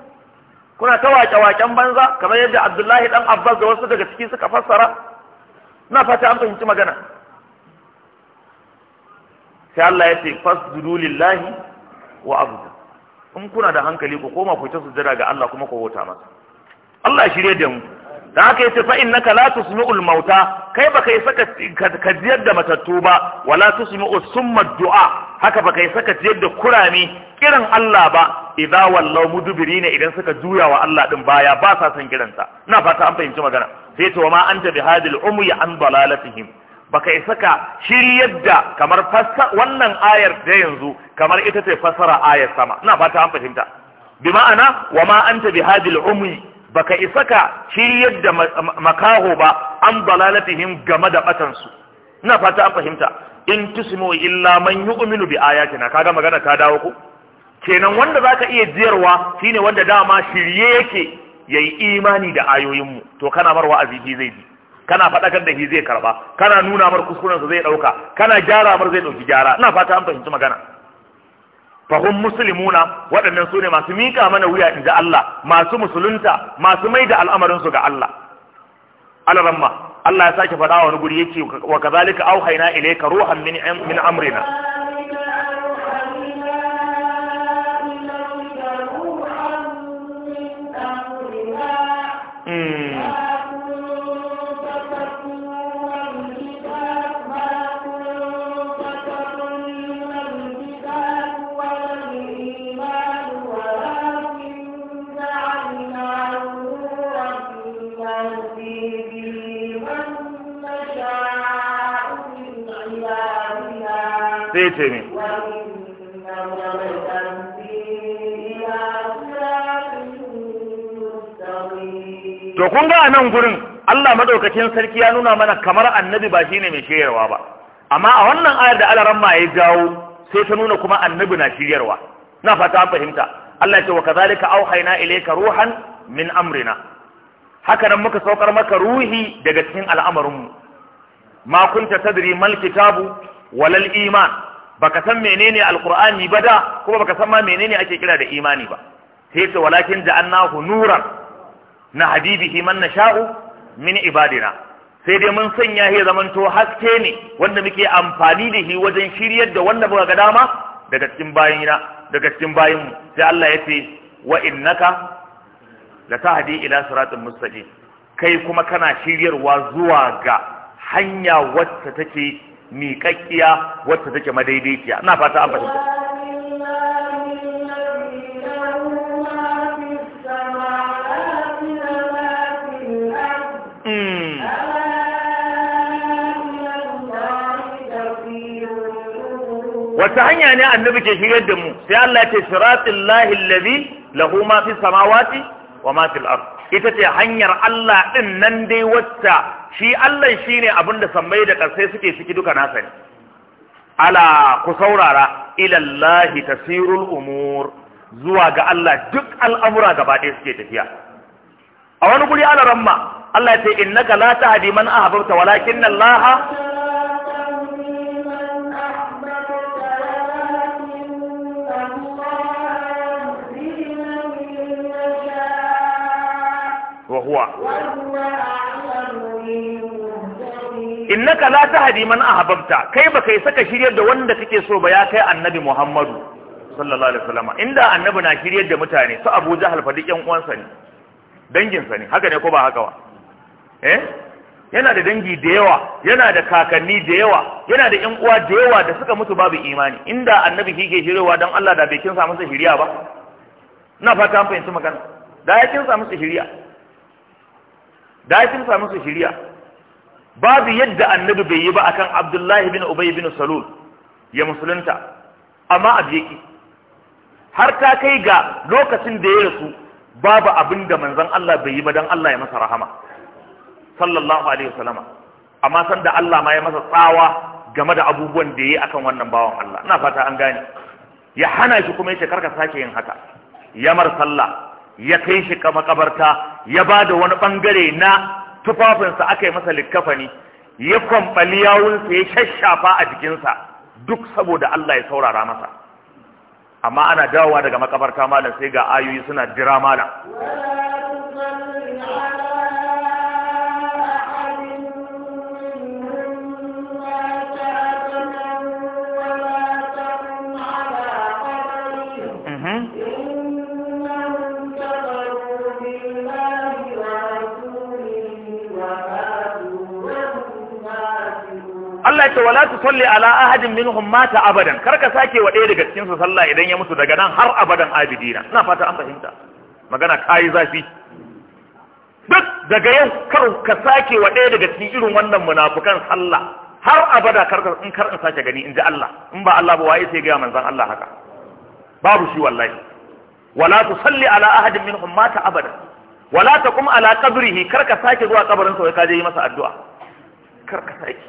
[SPEAKER 1] kuna ta waƙe waƙen banza kamar yadda Abdullahi dan Abbas da wasu daga ciki suka fassara na fata an fahimci magana sai Allah ya ce fasjudu lillahi wa abudu in kuna da hankali ku koma ku ta sujjada ga Allah kuma ku hota masa Allah shirye da mu da haka yace fa innaka la tusmi'ul mauta kai baka yi saka ka jiyar da matattu ba wala tusmi'u summa du'a haka baka yi saka jiyar da kurami kiran Allah ba idza wallaw mudbirina idan suka juya wa Allah din baya ba sa son kiransa ina fata an fahimci magana sai to ma anta bihadil umri an dalalatihim baka isa ka shiri da kamar wannan ayar da yanzu kamar ita ce fassara ayar sama ina fata an fahimta bi ma'ana wa ma anta bi hadil umri baka isa ka shiryar da makaho ba an dalalatihim game da batan su ina fata an fahimta in tusmu illa man yu'minu bi ayatina kaga magana ta dawo ku kenan wanda zaka iya jiyarwa shine wanda dama shirye yake yayi imani da ayoyinmu to kana mar wa'azi zai ji. kana faɗakar da shi zai karɓa kana nuna mar kuskurensa zai ɗauka kana gyara mar zai ɗauki gyara ina fata an fahimci magana fahim musulmuna waɗannan su ne masu miƙa mana wuya inda Allah masu musulunta masu mai da al'amarinsu ga Allah alaramma Allah ya sake faɗa wani guri yake wa kazalika auhayna ilayka ruhan min amrina
[SPEAKER 2] ce ne to kun ga nan gurin
[SPEAKER 1] Allah madaukakin sarki ya nuna mana kamar annabi ba shine mai shiryarwa ba amma a wannan ayar da alaran ma ya jawo sai ta nuna kuma annabi na shiryarwa na fata an fahimta Allah ya ce wa kazalika auhayna ilayka ruhan min amrina haka nan muka saukar maka ruhi daga cikin al'amarinmu ma kunta tadri mal kitabu walal iman baka san menene alqur'ani ba da kuma baka san ma menene ake kira da imani ba sai ce walakin ja'annahu nuran na habibihi man nasha'u min ibadina sai dai mun sanya shi zamanto haske ne wanda muke amfani da shi wajen shiryar da wanda muka ga dama daga cikin bayina daga cikin mu sai Allah ya ce wa innaka la tahdi ila siratin mustaqim kai kuma kana shiryarwa zuwa ga hanya wacce take miƙaƙƙiya wacce take madaidaiciya ina fata an fahimta
[SPEAKER 2] hmm. wata hanya
[SPEAKER 1] ne annabi ke shigar da mu sai Allah ya ce siratul lahi allazi lahu ma fi samawati wa ma fil ard ita ce hanyar Allah din nan dai wacce shi Allah shine abin da sammai da ƙarsai suke ciki duka nasa ne ala ku saurara ilallahi tasirul umur zuwa ga Allah duk al'amura gaba ɗaya suke tafiya a wani guri ana ramma Allah ya ce innaka la tahdi man ahabarta walakin Allah
[SPEAKER 2] wa huwa innaka la tahdi man
[SPEAKER 1] ahbabta kai baka yi saka shiryar da wanda kake so ba ya kai annabi Muhammadu sallallahu alaihi wasallam inda annabi na shiryar da mutane su Abu Jahal fa duk yan uwansa ne dangin sa ne haka ne ko ba haka ba eh yana da dangi da yawa yana da kakanni da yawa yana da yan uwa da yawa da suka mutu babu imani inda annabi kike shiryarwa dan Allah da bai kin samu sa shiriya ba ina fata an fahimci magana da ya kin samu sa shiriya da ya samu sa shiriya babu yadda annabi bai yi ba akan abdullahi bin ubay bin salul ya musulunta amma abu yake har ta kai ga lokacin da ya rasu babu abin da manzon Allah bai yi ba dan Allah ya masa rahama sallallahu alaihi wasallama amma san da Allah ma ya masa tsawa game da abubuwan da yi akan wannan bawan Allah ina fata an gane ya hana shi kuma yace karka sake yin haka ya mar sallah ya kai shi makabarta ya bada wani bangare na tufafinsa aka yi masa likkafani ya kwamɓali yawunsa ya shashafa a jikinsa duk saboda Allah ya saurara masa amma ana dawowa daga makabarta malam sai ga ayoyi suna jira malam
[SPEAKER 2] Allah ce wala tusalli ala
[SPEAKER 1] ahadin minhum mata abadan kar ka sake wa ɗaya daga cikin su sallah idan ya mutu daga nan har abadan abidina ina fata an fahimta magana kai zafi duk daga yau kar ka sake wa ɗaya daga cikin irin wannan munafukan sallah har abada kar in kar in sake gani in ji Allah in ba Allah ba waye sai ga manzon Allah haka babu shi wallahi wala tusalli ala ahadin minhum mata abadan wala taqum ala qabrihi kar ka sake zuwa kabarin sa ka je yi masa addu'a kar ka sake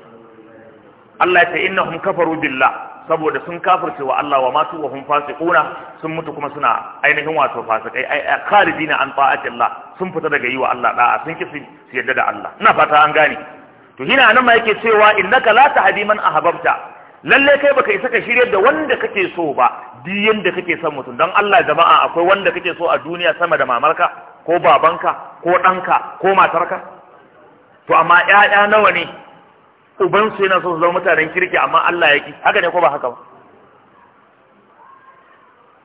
[SPEAKER 1] Allah ya ce hum kafaru billah saboda sun kafirce wa Allah wa matu wa hum fasiquna sun mutu kuma suna ainihin wato fasikai ai kharijina an ta'ati Allah sun fita daga yi wa Allah da'a sun ki su yadda da Allah ina fata an gane to hina nan ma yake cewa innaka la tahdi man ahbabta lalle kai baka isa ka shiryar da wanda kake so ba di yanda kake son mutum dan Allah jama'a akwai wanda kake so a duniya sama da mamarka ko babanka ko ɗanka ko matarka to amma ƴaƴa nawa ne ubansu yana so su zama mutanen kirki amma Allah ya ki haka ne ko ba haka ba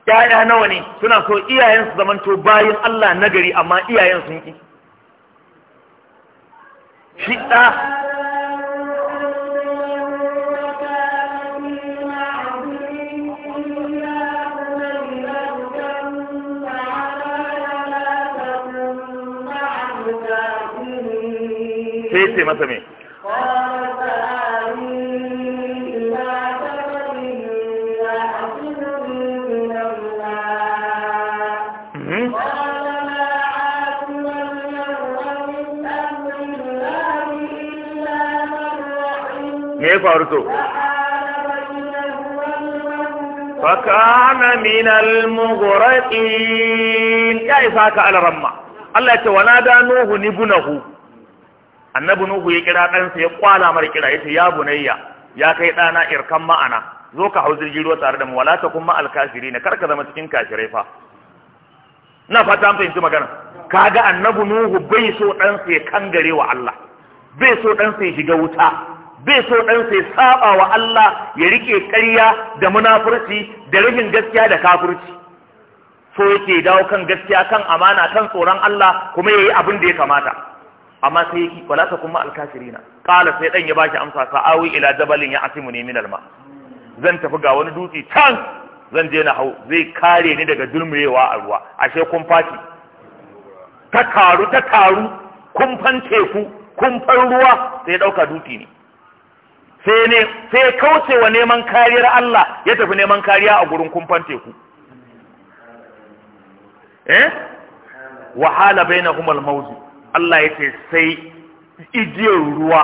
[SPEAKER 1] ƴaƴa nawa ne suna so iyayen su zamanto bayan Allah nagari amma iyayen sun ki
[SPEAKER 2] shi ɗa sai sai masa mai ya faru to fakana
[SPEAKER 1] minal mughraqin ya isa ka alaramma Allah ya ce wana da nuhu ni bunahu annabi nuhu ya kira ɗansa ya kwala mara kira yace ya bunayya ya kai ɗana irkan ma'ana zo ka hau jirgin ruwa tare da mu wala kuma ma alkafiri kar ka zama cikin kafirai fa na fata an fahimci magana kaga annabi nuhu bai so ɗansa ya kangare wa Allah bai so ɗansa ya shiga wuta bai so ɗansa sai saba wa Allah ya rike ƙarya da munafurci da rashin gaskiya da kafurci so yake dawo kan gaskiya kan amana kan tsoron Allah kuma yayi abin da ya kamata amma sai yake wala ta kuma alkafirina qala sai dan ya bashi amsa ka awi ila jabalin ya asimu ni min alma zan tafi ga wani dutse can zan je na hau zai kare ni daga dulmuyewa a ruwa ashe kun faki? ta karu ta karu kun fan teku kun fan ruwa sai dauka dutse ne sai ne sai kaucewa neman kariyar Allah ya tafi neman kariya a gurin kumfan teku eh wahala na kuma mawzi Allah ya ce sai ijiyar ruwa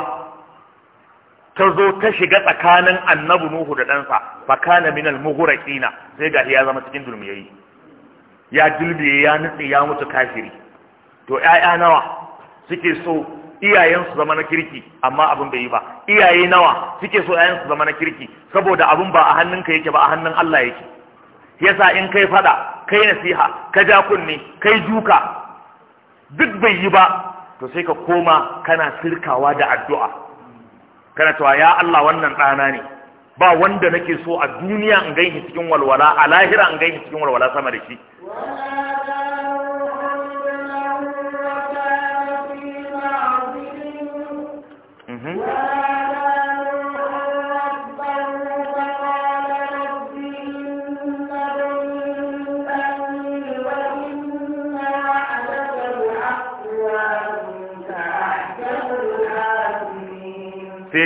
[SPEAKER 1] ta zo ta shiga tsakanin annabi Nuhu da ɗansa fa kana min mugura ƙina. sai ga ya zama cikin dulmiyayi ya dulbiye ya nutse ya mutu kafiri to yaya nawa suke so iyayen su zama na kirki amma abin bai yi ba iyaye nawa suke so iyayen zama na kirki saboda abin ba a ka yake ba a hannun Allah yake yasa in kai fada kai nasiha ka ja kunne kai duka duk bai yi ba to sai ka koma kana sirkawa da addu'a kana cewa ya Allah wannan ɗana ne ba wanda nake so a duniya in gaishe cikin walwala a lahira in gaishe cikin walwala sama da shi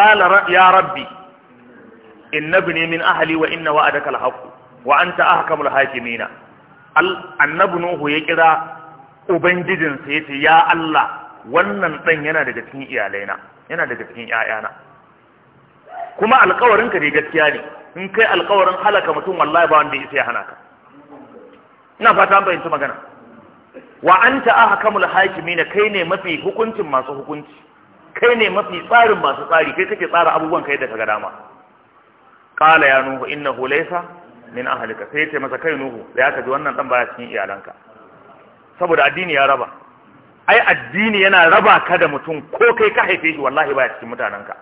[SPEAKER 1] qala ya rabbi inna ibni min ahli wa inna wa'adaka al-haqq wa anta ahkamul hakimina annabi nuhu ya kira ubangijinsa ya ce ya Allah wannan ɗan yana daga cikin iyalaina yana daga cikin ‘ya'yana kuma alkawarin ka dai gaskiya ne in kai alkawarin halaka mutum wallahi ba wanda isa ya hana ka ina fata an bayyanci magana wa an ta aka kamula hakimi na kai ne mafi hukuncin masu hukunci kai ne mafi tsarin masu tsari kai kake tsara abubuwan kai da ka ga dama qala ya nuhu innahu laysa min ahlika sai ce masa kai nuhu da ya kaji wannan dan baya cikin iyalanka saboda addini ya raba ai addini yana raba ka da mutum ko kai ka haife shi wallahi baya cikin mutananka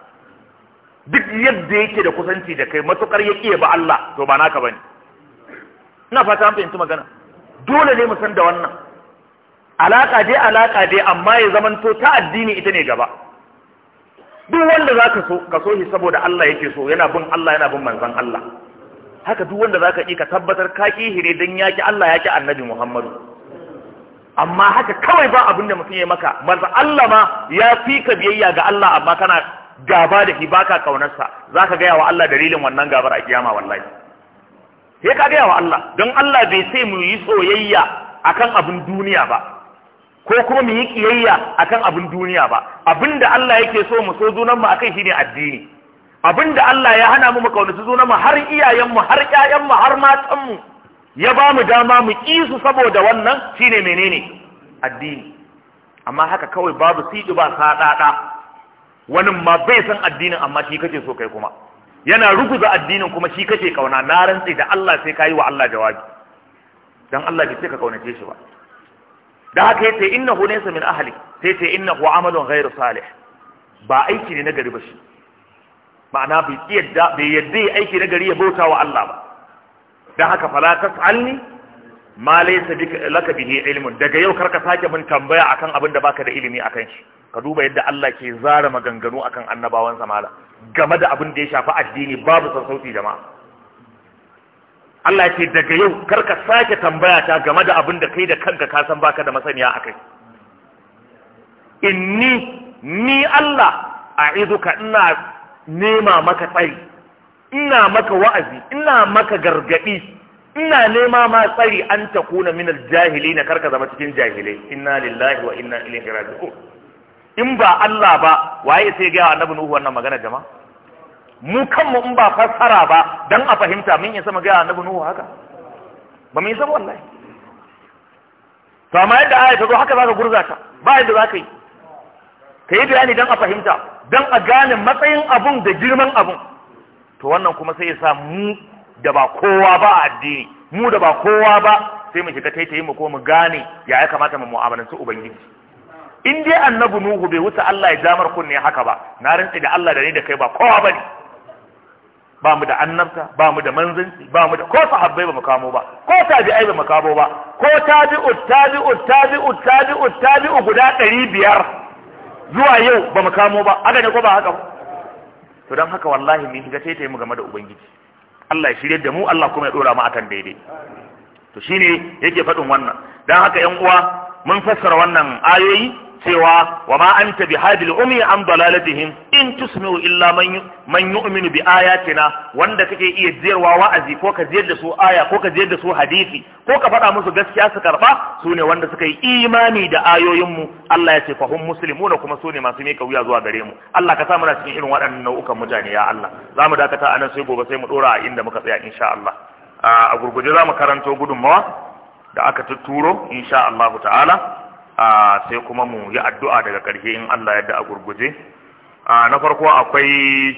[SPEAKER 1] duk yadda yake da kusanci da kai matukar ya kiyaye ba Allah to ba naka bane ina fata an fahimci magana dole ne mu san da wannan alaka dai alaka dai amma ya zamanto ta addini ita ne gaba duk wanda za ka so ka so shi saboda Allah yake so yana bin Allah yana bin manzon Allah haka duk wanda za ka ka tabbatar ka hire don ya ki Allah ya ki annabi Muhammadu amma haka kawai ba abin da mutum ya maka manzo Allah ma ya fi ka biyayya ga Allah amma kana gaba da hibaka baka kaunarsa za ka gaya wa Allah dalilin wannan gabar a kiyama wallahi sai ka gaya wa Allah don Allah bai sai mu yi soyayya akan abin duniya ba ko kuma mu yi kiyayya akan abin duniya ba abin da Allah yake so mu so a mu akai shine addini abin da Allah ya hana mu mu kaunaci mu har iyayen mu har ƴaƴan mu har matan mu ya ba mu dama mu kisu saboda wannan shine menene addini amma haka kawai babu sidi ba sadada wani ma bai san addinin amma shi kace so kai kuma yana ruguza addinin kuma shi kace kauna na rantse da Allah sai ka yi wa Allah jawabi dan Allah bai ce ka kaunace shi ba da haka 'Inna hu nesa min ahli sai 'Inna innahu amalun ghairu salih ba aiki ne na gari ba shi ma'ana bai yadda ya aiki na gari ya bauta wa Allah ba Da haka fala tasalni ma laysa bika laka bihi ilmun daga yau karka sake mun tambaya akan abin da baka da ilimi akan shi ka duba yadda Allah ke zara maganganu akan annabawan samala game da abin da ya shafi addini babu sassauci jama'a Allah ce daga yau kar ka sake tambaya ta game da abin da kai da kanka ka san baka da masaniya akai inni ni Allah izuka ina nema maka tsari ina maka wa'azi ina maka gargadi ina nema ma tsari an takuna min aljahilina kar ka zama cikin jahilai inna lillahi wa inna ilaihi raji'un in ba Allah ba waye sai ga annabi Nuhu wannan magana jama'a mu kanmu in ba fassara ba dan a fahimta mun yasa mu ga annabi nuhu haka ba mu yasa wallahi to amma yadda aya ta zo haka zaka gurza ta ba yadda zaka yi kai bayani dan a fahimta dan a gane matsayin abun da girman abun to wannan kuma sai ya sa mu da ba kowa ba a addini mu da ba kowa ba sai mu shiga taitayi mu ko mu gane ya ya kamata mu mu'amalanci ubangiji in dai annabi nuhu bai wuce Allah ya jamar kunne haka ba na rantsi da Allah da ni da kai ba kowa bane ba mu da annabta ba mu da manzanci ba mu da ko sahabbai ba mu kamo ba ko tabi'ai ba mu kamo ba ko tabi'u tabi'u tabi'u tabi'u tabi'u guda ɗari biyar zuwa yau ba mu kamo ba haka ne ko ba haka to don haka wallahi mun shiga sai ta mu game da ubangiji Allah ya shirye da mu Allah kuma ya dora mu akan daidai to shine yake faɗin wannan don haka yan uwa mun fassara wannan ayoyi cewa wa ma an tabi hadil umi an dalalatihim in tusmi'u illa man man yu'minu bi ayatina wanda kake iya jiyarwa wa'azi ko ka jiyar da su aya ko ka jiyar da su hadisi ko ka faɗa musu gaskiya su karba su ne wanda suka yi imani da ayoyinmu Allah ya ce fa hum muslimuna kuma su ne masu mika wuya zuwa gare mu Allah ka sa mu cikin irin waɗannan nau'ukan mutane ya Allah za mu dakata a nan sai gobe sai mu ɗora a inda muka tsaya insha Allah a gurguje za mu karanto gudunmawa da aka tutturo insha Allah ta'ala sai kuma mu yi addu'a daga ƙarshe in Allah yadda a gurguje na farko akwai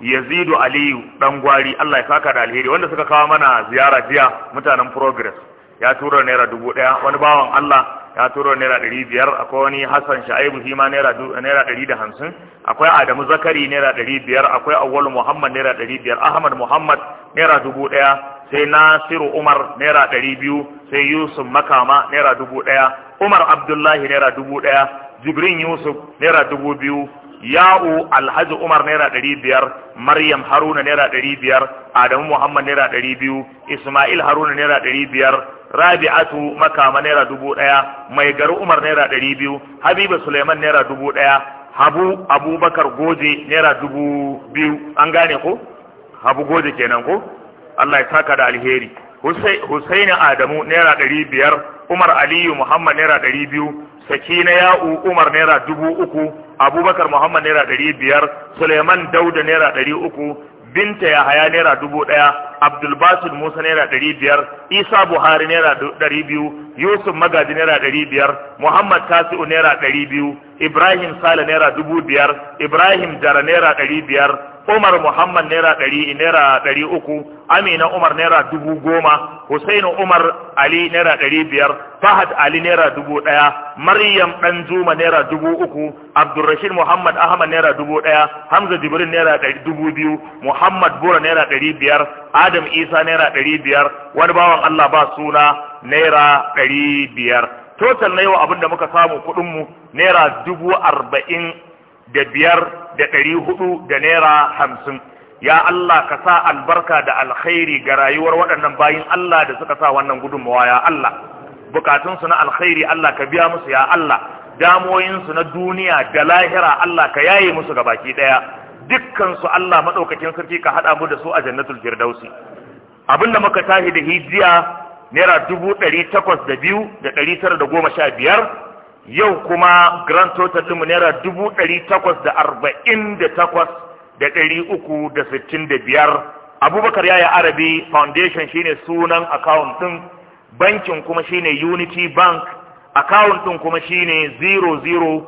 [SPEAKER 1] yazidu aliyu ɗan gwari Allah ya saka da alheri wanda suka kawo mana ziyara jiya mutanen progress ya tura naira dubu ɗaya wani bawan Allah ya tura naira ɗari biyar akwai wani hassan sha'ibu shi ma naira ɗari da hamsin akwai adamu zakari naira ɗari biyar akwai awwal muhammad naira ɗari biyar ahmad muhammad naira dubu ɗaya sai nasiru umar naira ɗari biyu sai yusuf makama naira dubu ɗaya umar abdullahi naira dubu ɗaya jibrin yusuf naira dubu biyu ya'u alhaji umar naira ɗari biyar maryam haruna naira ɗari biyar adamu muhammad naira ɗari biyu ismail haruna naira ɗari biyar rabi'atu makama naira dubu ɗaya mai Garu umar naira ɗari biyu habiba suleiman naira dubu ɗaya habu abubakar goje naira dubu biyu an gane ko habu goje kenan ko allah ya saka da alheri Husaini Adamu naira ɗari biyar, Umar Aliyu Muhammad naira ɗari biyu, Sakina Ya'u Umar naira dubu uku, Abubakar Muhammad naira ɗari biyar, Suleiman Dauda naira ɗari uku, Binta Yahaya naira dubu ɗaya, Abdulbasir Musa naira ɗari biyar, Isa Buhari naira ɗari biyu, Yusuf Magaji naira ɗari biyar, Muhammad Tasi'u naira ɗari biyu, Ibrahim Sale naira dubu biyar, Ibrahim Jara naira ɗari biyar, Umar Muhammad naira ɗari naira ɗari uku Amina Umar naira dubu goma Husainu Umar Ali naira ɗari biyar Fahad Ali naira dubu ɗaya Maryam ɗan Zuma naira dubu uku Abdulrashid Muhammad Ahmad naira dubu ɗaya Hamza Jibrin naira dubu biyu Muhammad Bura naira ɗari biyar Adam Isa naira ɗari biyar wani bawan Allah ba suna naira ɗari biyar total na yau abin da muka samu kuɗinmu naira dubu arba'in da biyar da ɗari hudu da naira hamsin ya Allah ka sa albarka da alkhairi ga rayuwar waɗannan bayin Allah da suka sa wannan gudunmawa ya Allah bukatunsu na alkhairi Allah ka biya musu ya Allah damoyinsu na duniya da lahira Allah ka yaye musu ga baki ɗaya dukkansu Allah maɗaukakin sarki ka haɗa mu da su a jannatul firdausi da muka tashi da hijiya naira dubu ɗari takwas da biyu da ɗari tara da goma sha biyar yau kuma grand total ɗinmu naira dubu ɗari takwas da arba'in da takwas da ɗari uku da sittin da biyar abubakar yaya arabi foundation shine sunan account ɗin bankin kuma shine unity bank account ɗin kuma shine 0052120730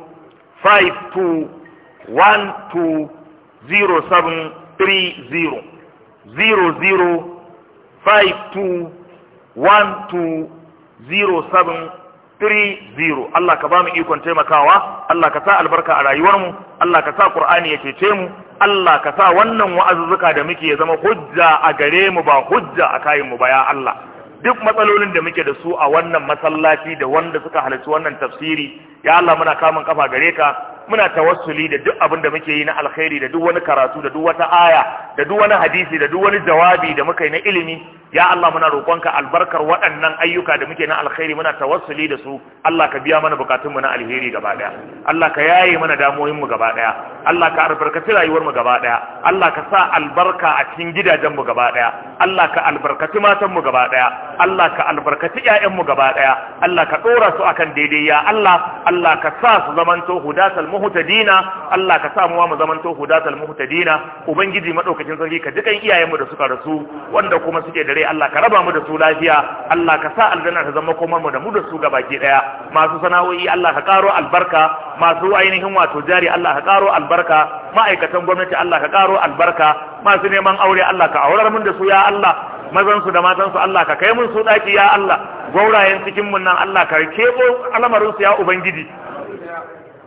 [SPEAKER 1] 00521207300 3 3-0 Allah ka ba mu ikon taimakawa Allah ka sa albarka a rayuwarmu Allah ka sa Qur'ani ya cece mu Allah ka sa wannan wa'azuzzuka da muke ya zama hujja a gare mu ba hujja a kayan mu ba ya Allah duk matsalolin da muke da su a wannan masallaci da wanda suka halarci wannan tafsiri ya Allah muna kamun kafa gare ka muna tawassuli da duk abin da muke yi na alkhairi da duk wani karatu da duk wata aya da duk wani hadisi da duk wani jawabi da muka yi na ilimi ya Allah muna roƙonka albarkar waɗannan ayyuka da muke na alkhairi muna tawassuli da su Allah ka biya mana bukatun mu na alheri gaba daya Allah ka yaye mana damuwoyin mu gaba daya Allah ka albarkaci rayuwar mu gaba daya Allah ka sa albarka a cikin gidajen mu gaba daya Allah ka albarkaci matan mu gaba daya Allah ka albarkaci ƴaƴan mu gaba daya Allah ka dora su akan daidai ya Allah Allah ka sa su zamanto hudatal muhtadina Allah ka sa mu mu zamanto hudatal muhtadina ubangiji madaukakin sarki ka dukan iyayen mu da suka rasu wanda kuma suke dare Allah ka raba mu da su lafiya Allah ka sa aljanna ta zama komar mu da mu da su gabaki daya masu sana'o'i Allah ka karo albarka masu ainihin wato jari Allah ka karo albarka ma'aikatan gwamnati Allah ka karo albarka masu neman aure Allah ka aurar mun da su ya Allah su da su Allah ka kai mun su daki ya Allah gaurayen cikin mun nan Allah ka kebo al'amarin su ya ubangiji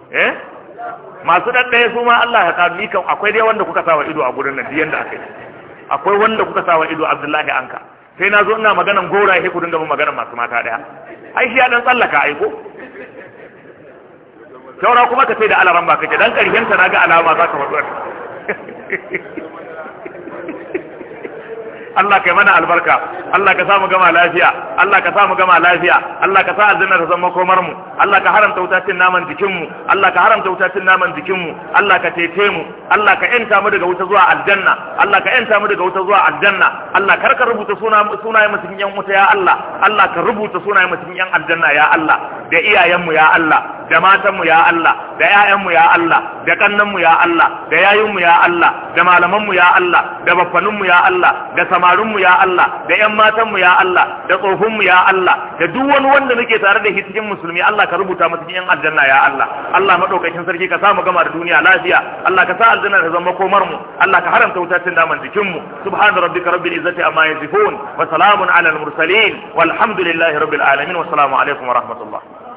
[SPEAKER 1] eh masu ɗaɗɗaya su ma Allah ya kawo kan akwai dai wanda kuka sawa ido a gurin nan biyan da aka yi akwai wanda kuka sawa ido Abdullahi anka sai na zo ina maganan gora ya ku dinga maganan masu mata ɗaya ai shi ya dan tsallaka ai ko saura kuma ka sai da alaran ba kake dan karshen ta naga alama za ka faɗo Allah kai mana albarka Allah ka sa mu gama lafiya Allah ka sa mu gama lafiya Allah ka sa aljanna ta zama komar mu Allah ka haramta wutacin naman jikin mu Allah ka haramta wutacin naman jikin mu Allah ka tete mu Allah ka yanta mu daga wuta zuwa aljanna Allah ka yanta mu daga wuta zuwa aljanna Allah kar ka rubuta suna sunayen mu cikin yan wuta ya Allah Allah ka rubuta sunayen mu cikin yan aljanna ya Allah da iyayen mu ya Allah da matanmu ya Allah da ‘ya'yanmu ya Allah da ƙannanmu ya Allah da yayinmu ya Allah da malamanmu ya Allah da baffaninmu ya Allah da samarinmu ya Allah da ƴan matanmu ya Allah da tsohonmu ya Allah da duk wani wanda muke tare da shi musulmi Allah ka rubuta mu cikin aljanna ya Allah Allah madaukakin sarki ka sa mu gama da duniya lafiya Allah ka sa aljanna ta zama komar mu Allah ka haramta wutar cin daman jikin mu subhana rabbika rabbil izzati amma yasifun wa salamun alal mursalin walhamdulillahi rabbil alamin wa assalamu alaikum wa rahmatullah